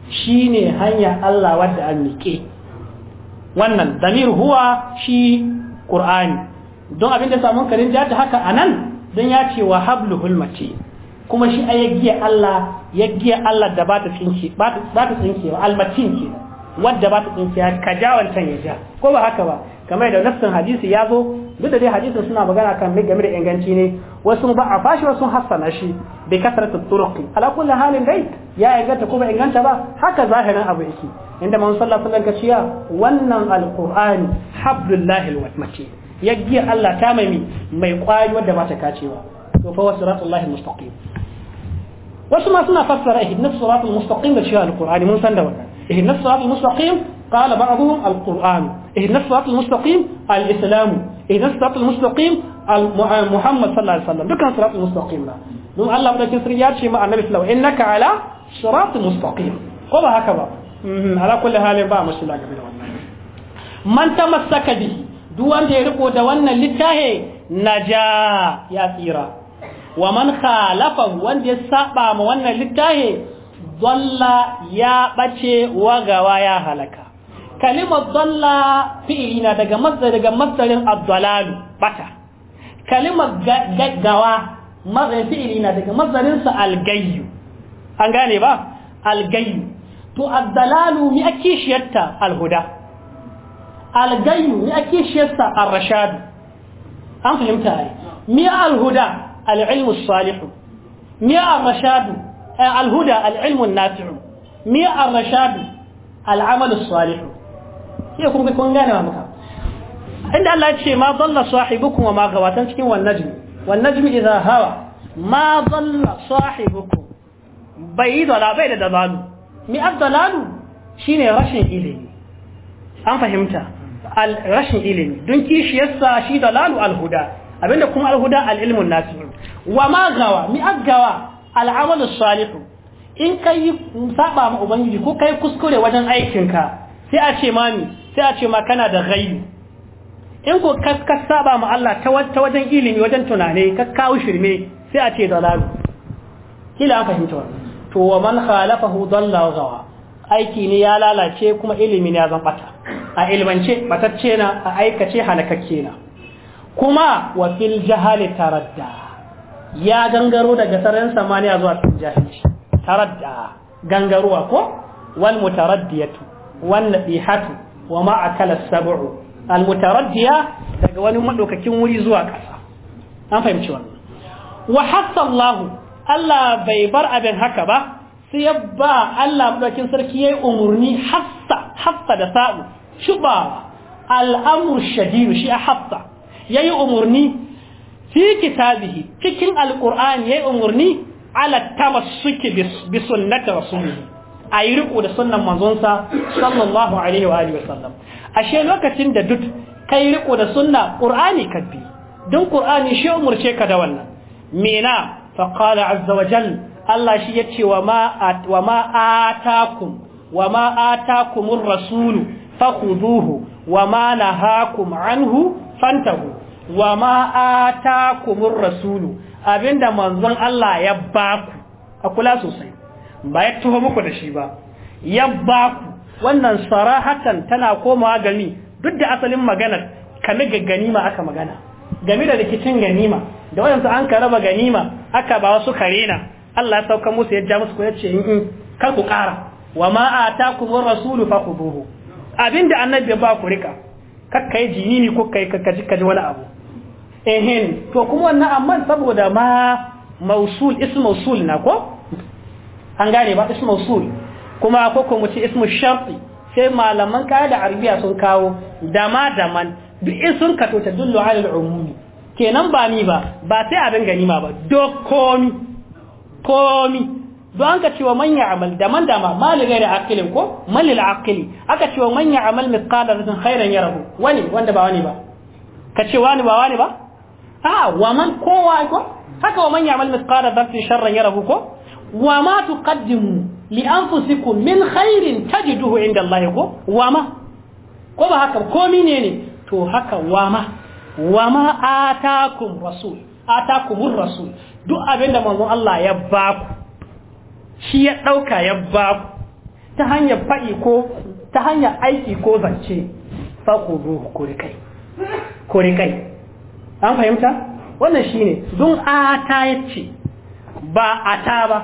shi ne hanyar Allah wadda an miƙe wannan damir huwa shi ƙur'ani don abin da samun karin ja ta haka a nan don ya ce wa hablu hulmace kuma shi a yaggiya Allah yaggiya Allah da ba ta tsinke ba ta tsinke ba almatin wadda ba ta tsinke ka ja wancan ya ja ko ba haka ba kamar da nafsin hadisi ya zo duk da dai hadisin suna magana kan mai game da inganci ne wasu ba a fashi wasu hassana shi bi kasratu turuqi ala kulli halin dai ya inganta ko ba inganta ba haka zahirin abu yake inda man sallallahu alaihi wasallam ciya wannan alqur'ani hablullahi alwatmaki yaggiya Allah ta mai mai kwari wanda ba ta kacewa to fa wasu wasiratullahi almustaqim wasu ma suna fassara ihdinas siratal mustaqim da cewa alqur'ani mun san da wannan ihdinas siratal mustaqim قال بعضهم القرآن اهدنا الصراط المستقيم الإسلام اهدنا الصراط المستقيم محمد صلى الله عليه وسلم دكان الصراط المستقيم لا دون الله من الكسر ياتي مع النبي صلى الله عليه وسلم إنك على صراط مستقيم قل هكذا على كل حال با مشي لا من تمسك به duk wanda ya riko da wannan littahe naja ya tsira wa man khalafa wanda ya saba ma wannan littahe dalla ya bace wagawa ya halaka kalimar dalla fi'ilina daga masdar daga masdarin abdalalu bata kalimar gaggawa masdarin fi'ilina daga masdarin sa algayyu an gane ba algayyu to abdalalu mi a kishiyarta alhuda algayyu mi a kishiyarta arrashad an fahimta ai mi alhuda alilmu salihu mi arrashad eh, alhuda alilmu nafi'u mi arrashad al'amalu salihu sai kuma kun gane wa muka inda Allah ya ce ma dalla sahibukum wa ma gawatan cikin wan najmi wan najmi idha hawa ma dalla sahibukum bai yi da bai da dabalu mi dalalu shine rashin ilimi an fahimta al rashin ilimi don kishiyarsa shi dalalu al huda abinda kuma al huda al ilmun nafi'u wa ma gawa mi gawa al amalu salihu in kai saba ma ubangiji ko kai kuskure wajen aikinka sai a ce mami sai a ce ma kana da ghaibi in ko kaskas saba ma Allah ta wajen ilimi wajen tunane ka kawo shirme sai a ce dalalu kila an fahimta wannan to wa man khalafahu dalla gawa aiki ne ya lalace kuma ilimi ne ya zambata. a ilmance matacce na a aikace halakacce na kuma wa fil jahali taradda ya gangaro daga sararin samaniya zuwa cikin jahilci taradda gangaruwa ko wal mutaraddiyatu wal nabihatu wa ma akala sab'u almutaraddiya daga wani madaukakin wuri zuwa ƙasa an fahimci wannan wa hassa Allah Allah bai bar abin haka ba sai ya ba Allah madaukakin sarki yayi umurni hassa hassa da sa'u shuba al'amru shadidu shi a hassa yayi umurni fi kitabihi cikin alqur'ani yayi umurni ala tamassuki bi sunnati rasulihi a yi riko da sunan manzonsa sallallahu alaihi wa alihi wasallam ashe lokacin da duk kai riko da sunna qur'ani kabbi dan qur'ani shi umurce ka da wannan mina fa qala azza wa jal Allah shi yace wa ma wa ma atakum wa ma atakumur rasulu fakhuduhu wa ma nahakum anhu fantahu wa ma atakumur rasulu abinda manzon Allah ya baku a kula sosai ba ya tuho muku da shi ba ya ba ku wannan sarahatan tana komawa gani duk da asalin maganar kame ga ganima aka magana game da rikicin ganima da wadansu an ka raba ganima aka ba wasu na Allah ya sauka musu ya ja musu ko ya ce in in kar ku kara wa ma atakumur rasulu fakhuduhu abinda annabi ya ba ku rika Kakayi ne ko kai kakkaji kaji wani abu ehen to kuma wannan amma saboda ma mausul ism na ko an gane ba ismu mausul kuma ko ko mu ce ismu sharti sai malaman da arabiya sun kawo dama daman duk in sun kato ta dullu ala umumi kenan ba ni ba ba sai abin ganima ba duk komi komi don an ka cewa manya amal da man dama maligai da akilin ko malil akili aka cewa manya amal mithqala dharratin khairan yarahu wani wanda ba wani ba ka ce wani ba wani ba a wa man kowa ko haka wa manya amal mithqala dharratin sharran yarahu ko Wama ma tuqaddimu li anfusikum min khairin tajiduhu inda Allah ko wama ko ba haka ko mine ne to haka wama wama wa ma atakum rasul atakumur rasul duk abinda manzon Allah ya baku shi ya dauka ya baku ta hanyar fadi ko ta hanyar aiki ko zance faƙudu kurikai kurikai an fahimta wannan shine don ata ya ce ba ata ba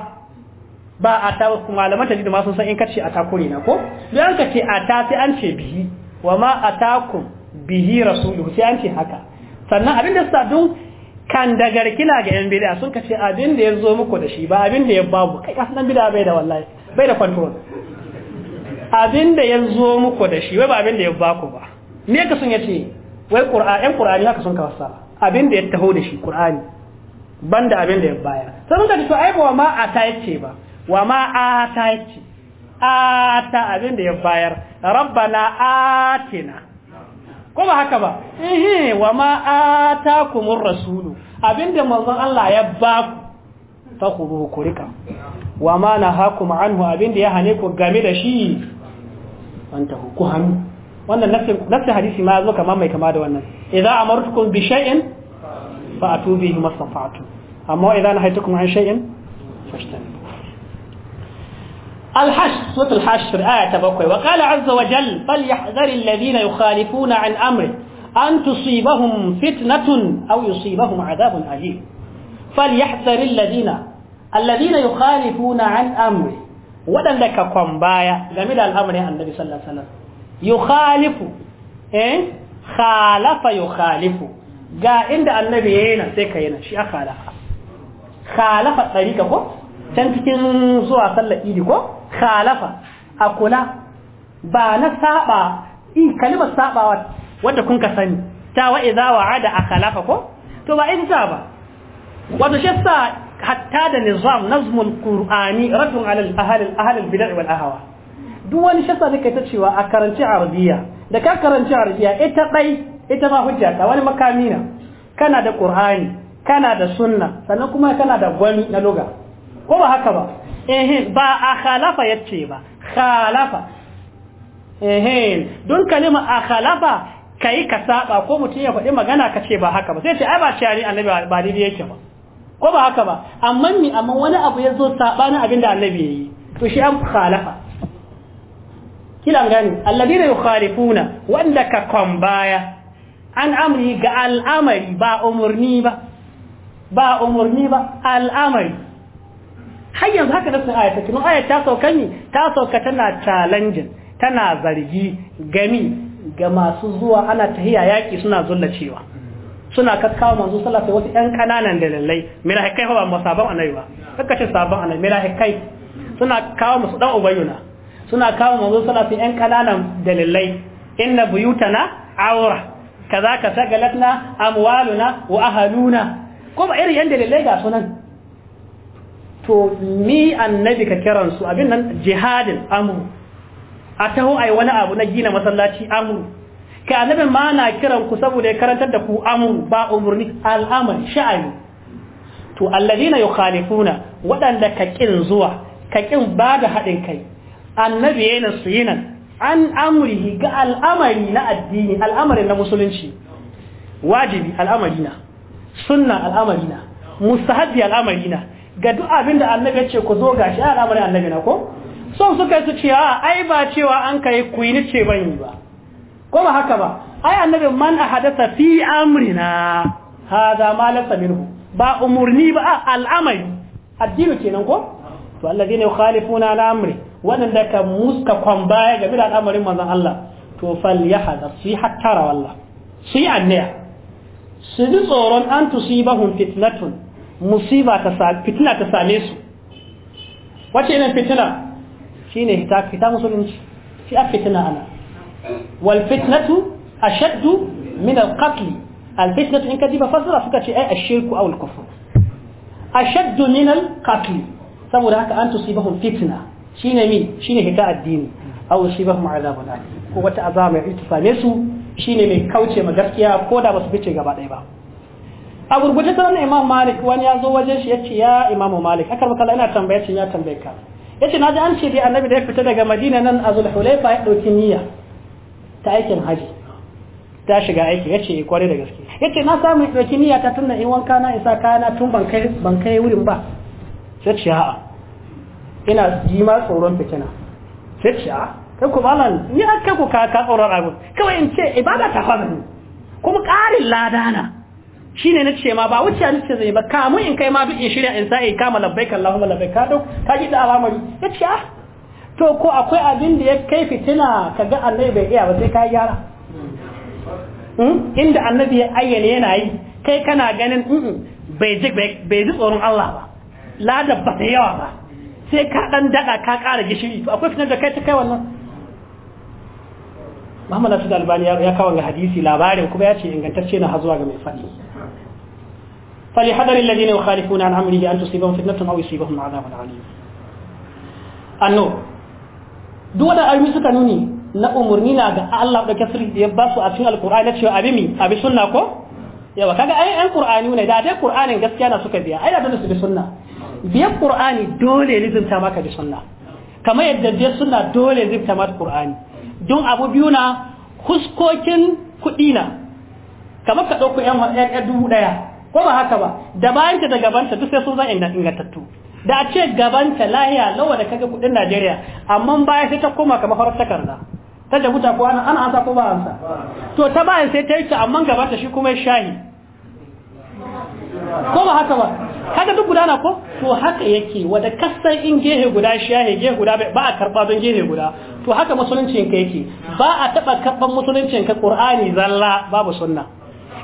ba a ta malaman tajwid ma sun san in kace a ta kore na ko dan ka ce a ta sai an ce bihi wa ma atakum bihi rasuluhu sai an ce haka sannan abin da sadu kan da garkina ga yan bid'a sun kace abin da ya zo muku da shi ba abin da ya babu kai kasan bid'a bai da wallahi bai da control abin da ya zo muku da shi wai ba abin da ya baku ba me ka sun yace wai qur'an qur'ani haka sun ka fassara abin da ya taho da shi qur'ani banda abin da ya baya sai mun ka ce ai ba ma a ta yace ba wa ma ata yace ata abin da ya bayar rabbana atina ko ba haka ba eh wa ma atakumur rasulu abinda manzon Allah ya ba ku fakhuduhu kurika wa ma nahakum anhu abinda ya hane ku game da shi wanta ku hanu wannan nafsin nafsin hadisi ma zo kamar mai kama da wannan idza amartukum bi shay'in fa'tu bihi mastata'tum amma idza nahaytukum an shay'in fashtani الحشر سورة الحشر آية بقوي وقال عز وجل فليحذر الذين يخالفون عن أمره أن تصيبهم فتنة أو يصيبهم عذاب أليم فليحذر الذين الذين يخالفون عن أمره ودن لك قنبايا جميل الأمر عن النبي صلى الله عليه وسلم يخالف إيه؟ خالف يخالف جاء عند النبي هنا سيكا هنا شيء خالف خالف الطريقة can cikin zuwa sallar idi ko khalafa a kula ba na saba in kalimar sabawa wadda kun ka sani ta wa idza wa'ada a khalafa ko to ba ta ba wato shi sa hatta da nizam nazmul qur'ani ratun ala al-ahli al-ahli al wal ahwa duk wani shi sa da ta cewa a karanci arabiya da ka karanci arabiya ita dai ita ma hujja ta wani makami na kana da qur'ani kana da sunna sannan kuma kana da gwani na lugha ko ba haka ba ba a khalafa ce ba khalafa don kalima a khalafa yi ka saba ko mutum ya faɗi magana ka ce ba haka ba sai ce ai ba shari'a annabi ba daidai yake ba ko ba haka ba amma ni amma wani abu ya zo sabanin abin da annabi yayi to shi an khalafa kila gani alladina yukhalifuna wanda ka kwambaya an amri ga al'amari ba umurni ba ba umurni ba al'amari har yanzu haka nasu aya take mun aya ta sauka ni ta sauka tana challenging tana zargi gami ga masu zuwa ana tahiya yaki suna zulla cewa. suna kakkawa manzo sallallahu alaihi wasallam wasu ɗan kananan dalilai mira hakai ba mu sabon annabi ba kakkace sabon annabi mira kai suna kawo musu dan ubayuna suna kawo manzo sallallahu alaihi wasallam ɗan kananan dalilai inna buyutana awra kaza ka sagalatna amwaluna wa ahaluna kuma irin yan dalilai ga sunan to ni annabi ka kiran su abin nan jihadin amru a taho ai wani abu na gina masallaci amru ka annabin ma na kiran ku saboda ya karantar da ku amru ba umurni al'amari sha'ani to alladina yukhalifuna waɗanda ka kin zuwa ka kin ba da haɗin kai annabi yana su nan an amrihi ga al'amari na addini al'amari na musulunci wajibi al'amari na sunna al'amari na mustahabbi al'amari na ga duk abin da annabi ya ce ku zo gashi a al'amarin annabi na ko son suka su ce a ai ba cewa an kai ku yi ce ban yi ba ko ba haka ba ai annabi man ahadatha fi amrina hada ma la minhu ba umurni ba al'amari addini kenan ko to alladhina yukhalifuna al'amri wadanda ka muska kwan baya game da al'amarin manzon Allah to falyahadha fi hattara wallah shi annaya. su tsoron an tusibahum fitnatun musiba ta sa fitina ta same su wace irin fitina shine hita hita musulunci shi a fitina ana wal fitnatu ashaddu min al qatl al fitnatu in kadiba fasara suka ce ai ashirku aw al kufr ashaddu min al qatl saboda haka an tusibahum fitna shine mi shine hita addini aw yusibahum azabun alim ko wata azaba mai ita same su shine mai kauce ma gaskiya ko da basu fice gaba ɗaya ba a gurguje sanar imam malik wani ya zo wajen shi ya ce ya imamu malik akar makala ina tambaye shi ya tambaye ka ya ce na ji an ce dai annabi da ya fita daga madina nan a zulhulaifa ya ɗauki niyya ta aikin haji ta shiga aiki ya ce eh, kwarai da gaske ya ce na samu ɗauki niyya ta tunda in wanka na isa kayana tun ban kai wurin ba sai ce a'a ina ji ma tsoron fitina sai ce a'a kai ku malam ni aka ku ka tsoron abu kawai in ce ibada ta fara kuma ƙarin ladana Shi ne na ce ma ba wuce an ce zai ba kamu in kai ma duk in shirya in sai kama labbaik lahuma labbaik ka dau ka ji da alamari ce ah to ko akwai abin da ya kai fitina ka ga annabi bai iya ba sai ka gyara hmm? inda annabi ya ayyana yana yi kai kana ganin bai ji tsoron Allah ba ladar ba ta yawa ba sai ka dan daga ka ƙara gishiri to akwai fitina da kai ta kai wannan Muhammad Nasir Albani ya kawo ga hadisi labarin kuma ya ce ingantacce na hazuwa ga mai faɗi فليحذر الذين يخالفون عن امره ان تصيبهم فتنه او يصيبهم عذاب عليم النور دون ayoyi suka nuni na umurni na ga Allah da kasri da ya ba su a cikin alkur'ani na cewa abi mi abi sunna ko yawa kaga ai an qur'ani ne da dai qur'anin gaskiya na suka biya ai da dole su bi sunna biya qur'ani dole lizimta maka bi sunna kamar yadda dai sunna dole lizimta maka qur'ani don abu biyu na huskokin kuɗi na kamar ka ɗauko yan dubu ɗaya ko ba haka ba da bayanta da gabanta duk sai sun zan ingantattu da a ce gabanta lahiya lawa da kaga kudin Najeriya amma baya sai ta koma kamar farar karza ta da buta ko ana ansa ko ba ansa to ta bayan sai ta yi ta amma gabanta shi kuma shahi ko ba haka ba kaga duk gudana ko to haka yake wanda kasan in gehe guda shahi gehe guda ba a karba don gehe guda to haka musuluncin ka yake ba a taba karban musuluncin ka Qur'ani zalla babu sunna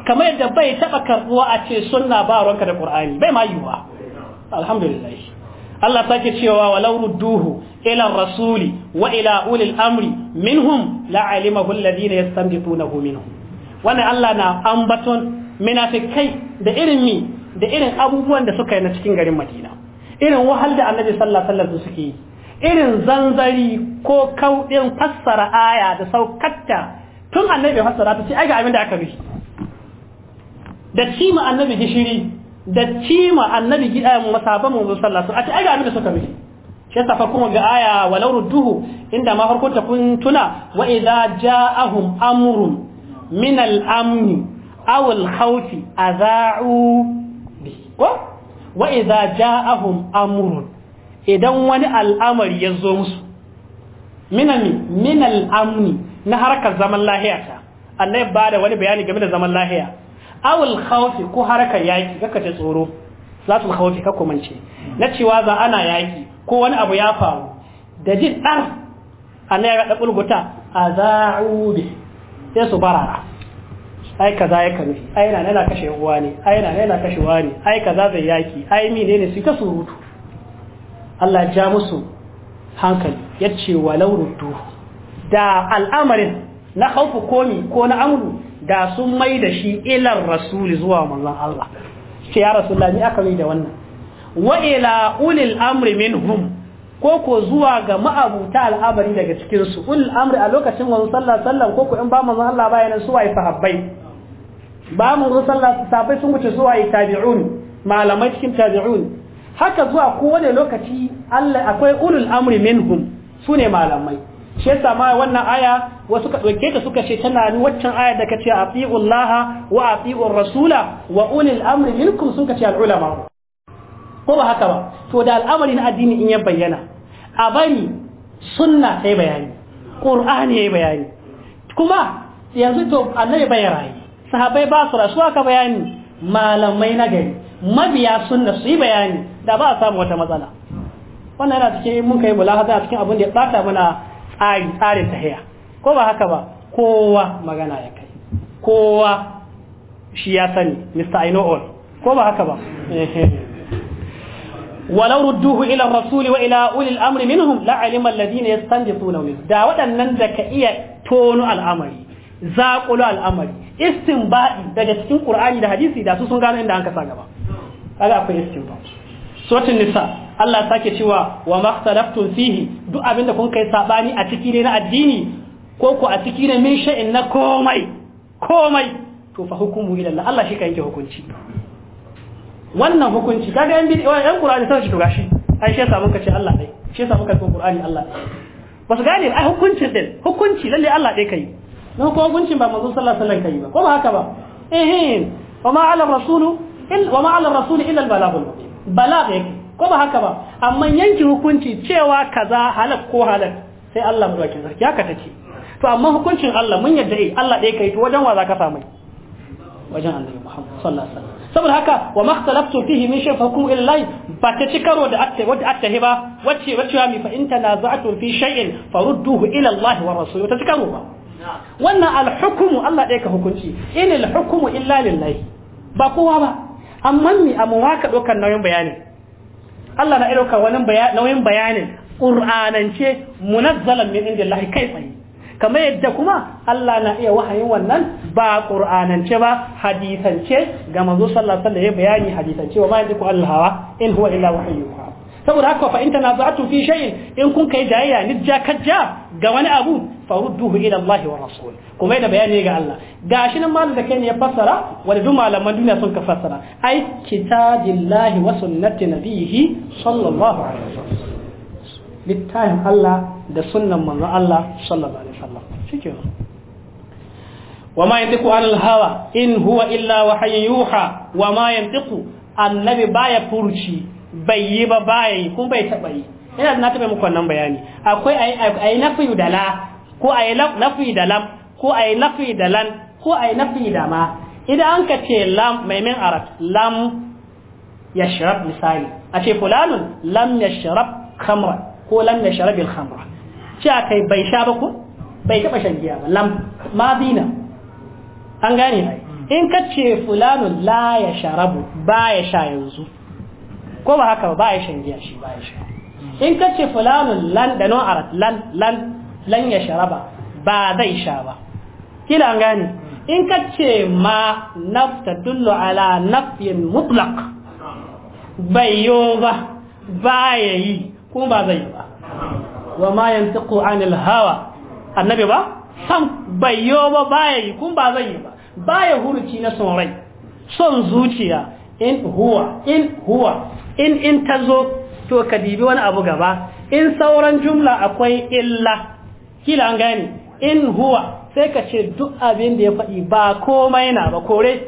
kamar yadda bai taba karbuwa a ce sunna ba ranka da qur'ani bai ma yiwa alhamdulillah Allah sake cewa walau rudduhu ila rasuli wa ila ulil amri minhum la'alimahu alladhina yastanbitunahu minhum wannan Allah na ambaton munafikai da irin da irin abubuwan da suka yi na cikin garin Madina irin wahal da Annabi sallallahu alaihi wasallam suke yi irin zanzari ko kaudin fassara aya da saukatta tun annabi fassara ta ce ai ga abin da aka bi da cima annabi gishiri da cima annabi gidan masahaban mu sallallahu a ce ai ga abin da suka mishi shi ta farkon ga aya walau rudduhu inda ma farkon ta kun tuna wa idza ja'ahum amrun min al-amni aw al-khawfi aza'u bi ko wa idza ja'ahum amrun idan wani al'amari ya zo musu min al'amni na harkar zaman lahiya ta annai ba da wani bayani game da zaman lahiya awul khawfi ko harakar yaki kaka ta tsoro salatul khawfi ka ce na cewa za ana yaki ko wani abu ya faru da jin dan Allah ya ga bulguta azaubi sai su barara ai kaza ya kame ai na na kashe uwa ne ai na na kashe uwa ne ai kaza zai yaki ai mi ne su ta surutu Allah ja musu hankali yace walau ruddu da al'amarin na khawfu komi ko na amru da sun mai da shi ilar rasuli zuwa manzon Allah ce ya rasulullah ni aka mai da wannan wa ila ulil amri minhum ko ko zuwa ga ma'abuta al'amari daga cikin su ulil amri a lokacin manzon sallah sallan ko ko in ba manzon Allah ba yana suwa sahabbai ba manzon sallallahu sahabbai sun wuce suwa tabi'un malamai cikin tabi'un haka zuwa kowane lokaci Allah akwai ulul amri minhum sune malamai shi yasa ma wannan aya wasu ka ɗauke ta suka ce tana ni waccan ayar da kace atiullaha wa atiur rasula wa ulil amri minkum sun kace al ulama ko ba haka ba to da al'amari na addini in ya bayyana a bari sunna sai bayani qur'ani yayi bayani kuma yanzu to annabi bai rayi sahabbai ba su rasuwa ka bayani malamai na gari mabiya sunna su yi bayani da ba a samu wata matsala wannan yana cikin mun kai mulahaza cikin abin da ya bata mana tsari tsarin tahiya ko ba haka ba kowa magana ya kai kowa shi ya sani mr i know all ko ba haka ba walau rudduhu ila rasuli wa ila ulil amri minhum la alima alladhina yastanbituna min da waɗannan da ka iya tono al'amari zaƙulo al'amari istinbaɗi daga cikin ƙur'ani da hadisi da su sun gano inda an sa gaba kaga akwai istinbaɗi suratul nisa Allah sake cewa wa makhtalaftun fihi duk abinda kun kai sabani a ciki ne na addini ko ku a ciki na min sha'in na komai komai to fa hukumu ila Allah Allah shi ka yanke hukunci wannan hukunci kaga yan bid'a yan Qur'ani sai shi to gashi ai shi yasa muka ce Allah dai shi yasa muka ce Qur'ani Allah ba gane ai hukuncin din hukunci lalle Allah dai kai na ko hukuncin ba manzo sallallahu alaihi wasallam kai ba ko ba haka ba eh wa ma ala rasulu wa ma ala rasuli illa al balagh balagh ko ba haka ba amma yanke hukunci cewa kaza halak ko halak sai Allah mu dauke sarki haka take to amma hukuncin Allah mun yadda eh Allah ɗaya kai to wajen wa ka samu wajen Annabi Muhammad sallallahu alaihi wasallam saboda haka wa makhtalaftu fihi min shay'in fakum illahi ba ta ci karo da atta wadda atta hiba wacce wacce mi fa in tanaza'tu fi shay'in farudduhu ila Allah wa rasul ta ci karo ba wannan al Allah ɗaya ka hukunci in al-hukmu illa lillahi ba kowa ba amma mi amma ka dokan nauyin bayanin Allah na ɗauka wani nauyin bayanin ƙur'anance munazzalan min inda indillahi kai tsaye kamar yadda kuma Allah na iya wahayin wannan ba qur'anance ba hadisance ga manzo sallallahu alaihi ya bayani hadisance wa ma yantiqu al-hawa in huwa illa wahyu saboda haka fa in tanaza'tu fi shay'in in kun kai jayayya nijja kajja ga wani abu farudduhu ila Allah wa rasul kuma yadda bayani ga Allah gashi nan malam da kai ne ya fassara wanda duk malaman duniya sun ka fassara ai kitabillahi wa sunnati nabihi sallallahu alaihi wasallam littafin Allah da sunnan manzon Allah sallallahu Wama wa ma an anil hawa in huwa illa wahyun yuha wa ma yantiqu annabi baya furci bai yi ba baya yi bai taba yi ina na taba muku wannan bayani akwai ayi nafi da dala ko ayi nafi da lam ko ayi nafi da lan ko ayi nafi da ma idan an ka ce lam mai min arab lam ya yashrab misali a ce fulanun lam ya yashrab kamar ko lam ya al ilhamra ce bai sha ba ko bai taba shan giya ba lam madina an gane in ka ce fulanun la ya sharabu ba ya sha yanzu ko ba haka ba ya shan giya shi ba ya sha in ka ce fulanun lan da no arat lan lan lan ya sharaba ba zai sha ba kila an gane in ka ce ma nafta dullu ala nafyin mutlaq bai yo ba ba ya yi kuma ba zai yi ba wa ma yantiqu anil hawa annabi ba san bayyo ba baya yi kun ba zai yi ba baya huruci na son rai son zuciya in huwa in huwa in in ta zo to ka dibi wani abu gaba in sauran jumla akwai illa kila an gani in huwa sai ka ce duk abin da ya faɗi ba komai na ba kore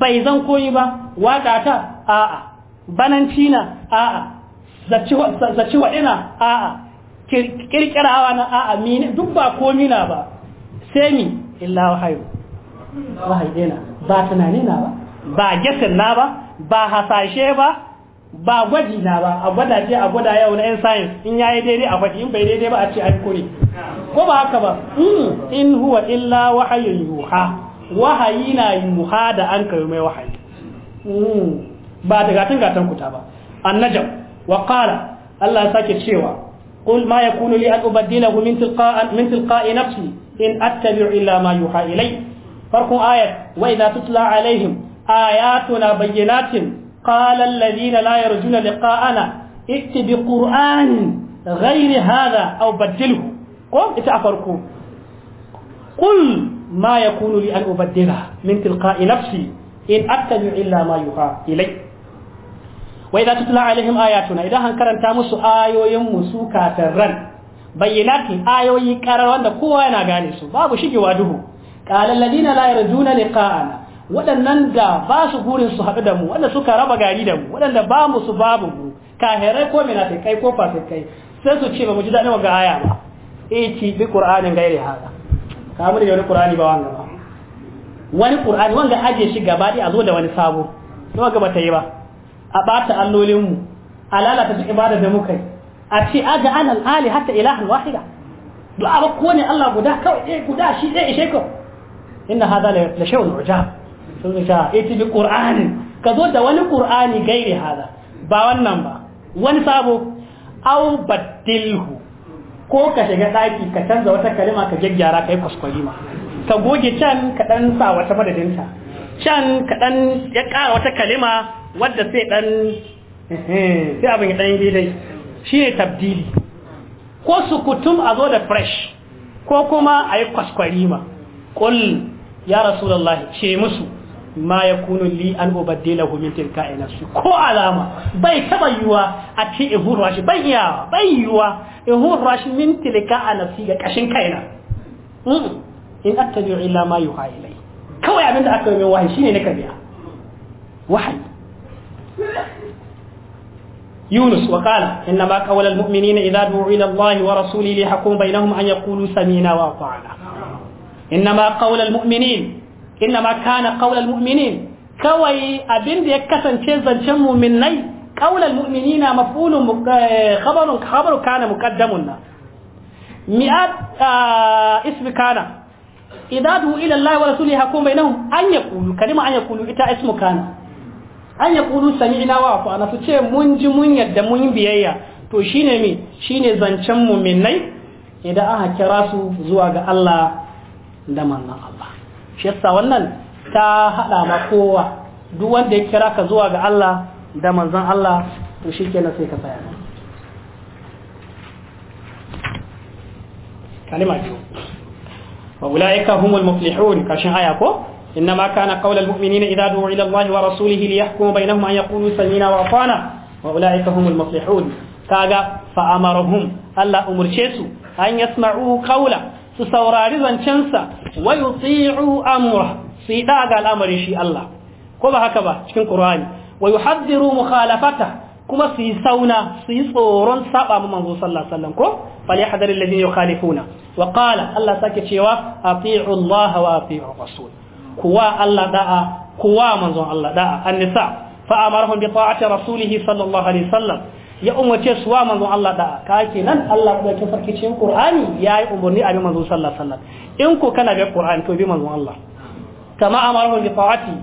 bai zan koyi ba waƙa ta a'a bananci na a'a zaci wa ina a'a kirkirawa na a'a mine duk ba komi na ba sai mi illa wahayu wahayi dena ba tunani na ba ba gesin na ba ba hasashe ba ba gwaji na ba a gwada ce a gwada yau na yan science in yayi daidai a faɗi in bai daidai ba a ce an kuri. ko ba haka ba hmm, in huwa illa wahayun yuha wahayi na yuha da an kai mai wahayi hmm, ba daga tun gatan kuta ba annajam wa qala Allah ya sake cewa قل ما يكون لي أن أبدله من تلقاء من تلقاء نفسي إن أتبع إلا ما يوحى إلي فرق آية وإذا تتلى عليهم آياتنا بينات قال الذين لا يرجون لقاءنا ائت بقرآن غير هذا أو بدله قل اتعفركم قل ما يكون لي أن أبدله من تلقاء نفسي إن أتبع إلا ما يوحى إلي wa idza tutla alaihim ayatuna idan an karanta musu ayoyin mu su katarran bayyinati ayoyi karar wanda kowa yana gane su babu shigewa duhu qala na la yarjuna liqa'ana waɗannan da ba su gurin su haɗu da mu wanda suka raba gari da mu waɗanda ba mu su babu mu kahirai ko kai ko kai sai su ce ba mu ji daɗin ga aya ba e ci bi qur'anin gairi hada kamar da wani qur'ani ba wanga ba wani qur'ani wanga aje shi gaba dai a zo da wani sabo to ga bata yi ba a ɓata allolinmu a lalata duk ibada da muka yi a ce aja an al'ali hatta ilahan wahida duk a ko ne Allah guda kawai ɗaya eh, guda shi ɗaya eh, ishe ka inna hada la shay'un ujab sun ta ita bi qur'ani ka zo da wani qur'ani gairi hada ba wannan ba wani sabo aw badilhu ko ka shiga daki ka canza wata kalima ka jaggyara kai kuskure ma ka goge can ka dan sa wata madadinta can ka dan ya ƙara wata kalima wadda sai dan sai abin dan yi dai shi ne tabdili ko su kutum a zo da fresh ko kuma a yi kwaskwarima ƙul ya rasulallah ce musu ma ya kunu li an ubaddila min tilka nafsi ko alama bai taba yiwa a ci ihurwa shi bai iya bai yiwa ihurwa shi min tilka nafsi ga kashin kaina in attabi'u illa ma yuha ilai kawai abinda aka yi min wahayi shine ne ka biya wahayi يونس وقال إنما قول المؤمنين إذا دعوا إلى الله ورسوله ليحكم بينهم أن يقولوا سمينا وأطعنا إنما قول المؤمنين إنما كان قول المؤمنين كوي أبين دي كسن شيزا شمو من ني قول المؤمنين مفعول آه، خبر خبر كان مقدمنا مئات آه اسم كان إذا دعوا إلى الله ورسوله يحكم بينهم أن يقولوا كلمة أن يقولوا إتا اسم كان an ya sami ina wa na su ce mun ji mun yadda mun yi biyayya to shine me shine zancen mu'minai idan aka kira su zuwa ga Allah da mannan Allah shi yasa wannan ta hada ma kowa duk wanda ya kira ka zuwa ga Allah da manzon Allah to shikenan sai ka tsaya kalima biyu wa ulaika humul muflihun kashin aya ko إنما كان قول المؤمنين إذا دعوا إلى الله ورسوله ليحكموا بينهم أن يقولوا سمينا وأطعنا وأولئك هم المصلحون كاغا فأمرهم ألا أمر شيسو أن يسمعوا قولا سسوراري زنشنسا ويطيعوا أمره سيداغا الأمر شي الله كما هكذا شكين قرآن ويحذروا مخالفته كما سيسونا سيسورون سابا من صلى الله عليه وسلم كو فليحذر الذين يخالفون وقال الله ساكت شيوا أطيعوا الله وأطيعوا الرسول kuwa Allah da'a kuwa manzon Allah da'a annisa nisa fa amarahum bi ta'ati rasulih sallallahu alaihi wasallam ya umarce su wa manzon Allah da'a ka kenan Allah da ke farki cikin Qur'ani yayi umarni a bi manzon sallallahu alaihi wasallam in ku kana bi Qur'ani to bi manzon Allah kama amarahum bi ta'ati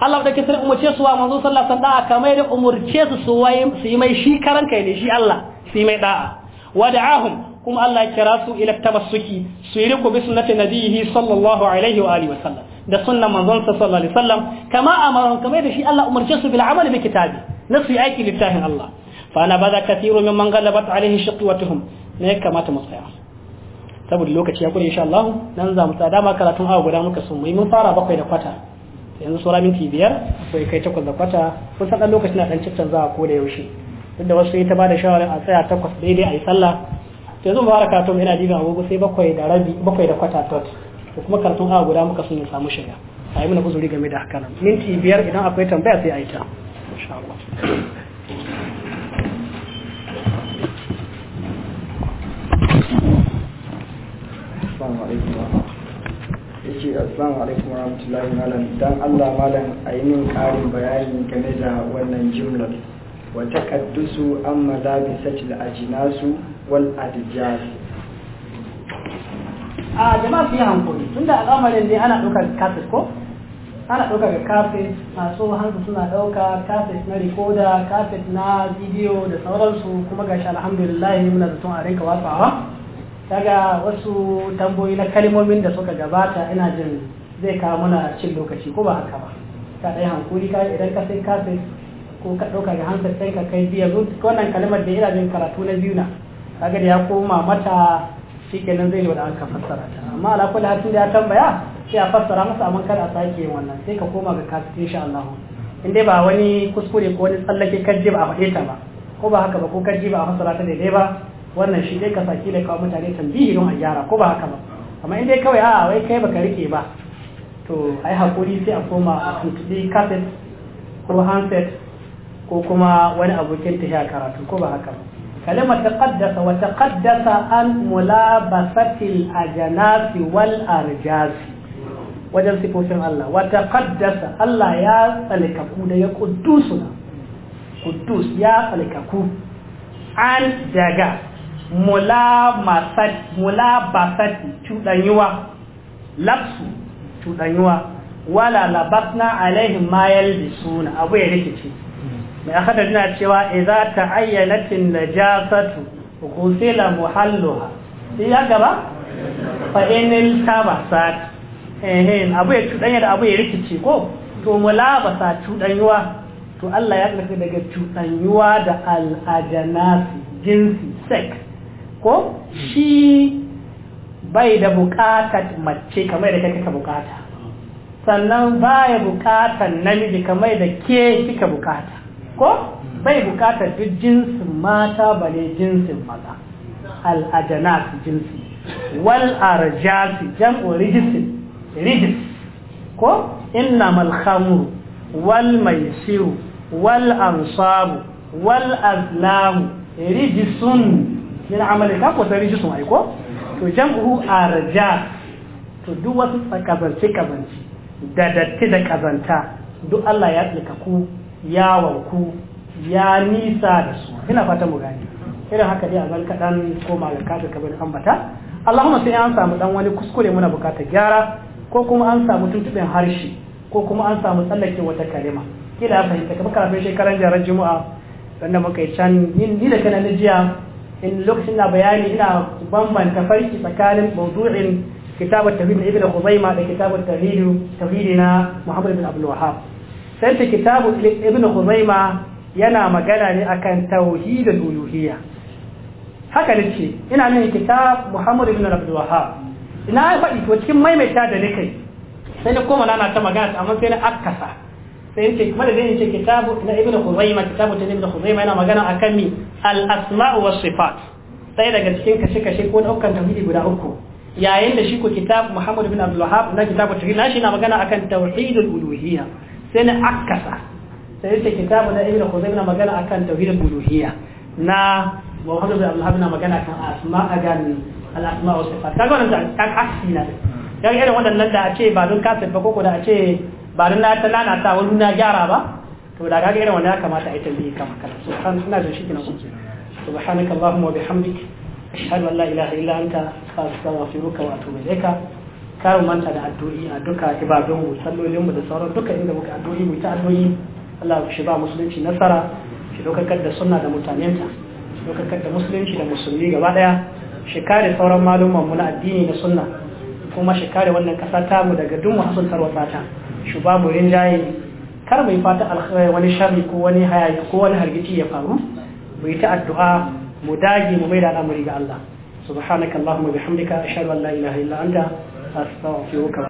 Allah da ke sai umarce su wa manzo sallallahu alaihi wasallam kamar da umarce su su wayi su yi mai shi karan kai ne shi Allah su yi mai da'a wada'ahum kuma Allah ya kira su ila tabassuki su yi riko bi sunnati nabiyhi sallallahu alaihi wa alihi wasallam da sunan manzon sallallahu alaihi wasallam kama amaran kama da shi Allah umarce su bil amali bi kitabi na su aiki littafin Allah fa ana bada kathiru mimman galabat alaihi shiqwatuhum ne ya kamata mu tsaya saboda lokaci ya kure insha Allah nan za mu tsada ma karatun awa guda muka sun mun fara bakwai da kwata yanzu saura minti biyar sai kai takwas da kwata kun san dan lokaci na dan ciccanzawa ko da yaushe duk da wasu ta bada shawarar a tsaya takwas daidai a yi sallah sai mu fara karatun ina jibin agogo sai bakwai da rabi bakwai da kwata tot ko kuma karatun hawa guda muka sun ya samu shiga a yi mana uzuri game da haka nan minti biyar idan akwai tambaya sai a yi ta insha assalamu alaikum ya ce assalamu alaikum warahmatullahi malam dan Allah malam a yi min bayani game da wannan jimlar wa taqaddusu amma labisat al-ajnasu wal adjas a jama'a su yi hankali da al'amarin ne ana ɗaukar kafet ko ana ɗaukar kafet masu hanzu suna ɗauka kafet na rikoda kafet na bidiyo da sauransu kuma gashi alhamdulillah muna zaton a rinka watsawa daga wasu tamboyi na kalmomin da suka gabata ina jin zai kawo mana cin lokaci ko ba haka ba ka ɗaya hankali ka idan ka sai kafet ko ka ɗauka ga hansar sai ka kai biya wannan kalmar da ina jin karatu na biyu na kaga da ya koma mata shi kenan zai yi aka fassara ta amma ala kulli da ya tambaya sai a fassara masa amma kada a sake yin wannan sai ka koma ga kasu insha Allah in dai ba wani kuskure ko wani tsallake kajji ba a faɗe ta ba ko ba haka ba ko kajji ba a fassara ta daidai ba wannan shi dai ka saki da kawo mutane tambihi don a gyara ko ba haka ba amma in dai kawai a wai kai baka rike ba to ai hakuri sai a koma a tuntuɓi kaset ko hanset ko kuma wani abokin tafiya karatu ko ba haka ba kalimar taqaddasa wa taqaddasa an mulabasatil ajnasi wal arjasi wajen sifofin Allah wa taqaddasa Allah ya tsalkaku da ya kuddusuna kuddus ya tsalkaku an daga mulabasati cudanyuwa lapsu cudanyuwa wala labasna alaihim ma yalbisuna abu ya rikice mai akadar na cewa idza ta'ayyanatin najasatu ghusila muhalluha sai ya gaba fa inil tabasat eh abu ya cuɗanya da abu ya rikici ko to sa cuɗanyuwa. to Allah ya karfi daga cuɗanyuwa da al'ajanasi jinsi sex ko shi bai da bukatar mace kamar da kake ka bukata sannan baya bukatar namiji kamar da ke kika bukata ko bai bukatar duk jinsin mata ba ne jinsin maza al'ajanas jinsi wal arjasi jam'u rijisin rijis ko innamal khamru wal maisiru wal ansabu wal azlamu rijisun min amali ka ko rijisun ai ko to jam'u arja to duk wasu kazance kazance da datti da kazanta duk Allah ya tsika ku ya wanku ya nisa da su ina fata mu gani irin haka dai azal kaɗan ko malaka da kabar ambata Allahumma sai an samu dan wani kuskure muna bukatar gyara ko kuma an samu tuntuɓin harshe ko kuma an samu tsallake wata kalima kila a fahimta kamar kafin shekaran jaran juma'a wanda muka yi can ni da kana na jiya in lokacin na bayani ina bambanta farki tsakanin mawdu'in kitabar tawhid na ibnu khuzaima da kitabar tawhid na muhammad bin abdul wahhab sai ta kitabu ibn Huzaima yana magana ne akan tauhidul uluhiyya haka nace ina nan kitab Muhammad ibn Abdul Wahhab ina ya faɗi to cikin maimaita da nake sai na koma nana ta magana amma sai na akkasa sai yace kuma da zai yace kitabu na ibn Khuzaimah kitabu ta ibn Khuzaimah yana magana akan mi al asma'u was sifat sai daga cikin kashe kashe ko daukan tauhidi guda uku yayin da shi ko kitab Muhammad ibn Abdul Wahhab na kitabu tauhid nashi na magana akan tauhidul uluhiyya sai na akasa sai yake kitabu na ibnu khuzaimah na magana akan tauhidul uluhiyya na muhammad bin abdullah na magana akan asma'a gan al asma wa sifat kaga wannan ta aksi na dan irin wadannan da ake ba don kasir ba koko da ake ba don na ta wani na gyara ba to da kaga irin wannan ya kamata a yi tambayi kama kana subhan ina jin shi kina kuma subhanakallahumma wa bihamdik ashhadu an la ilaha illa anta astaghfiruka wa atubu ilaika kar mu manta da addu'o'i a duka ibadun mu sallolin mu da sauran duka inda muka addu'o'i mu ta addu'o'i Allah shi ba musulunci nasara shi dokakar da sunna da mutanenta shi dokakar da musulunci da musulmi gaba daya shi kare sauran malumman mu na addini da sunna kuma shi kare wannan kasa ta mu daga duk masu tarwata ta shi ba mu rinjaye kar mu yi fata alkhairi wani sharri ko wani hayaki ko wani hargitsi ya faru mu yi ta addu'a mu dage mu mai da al'amari ga Allah subhanakallahumma bihamdika ashhadu an la ilaha illa anta 啊，是哦，就我卡。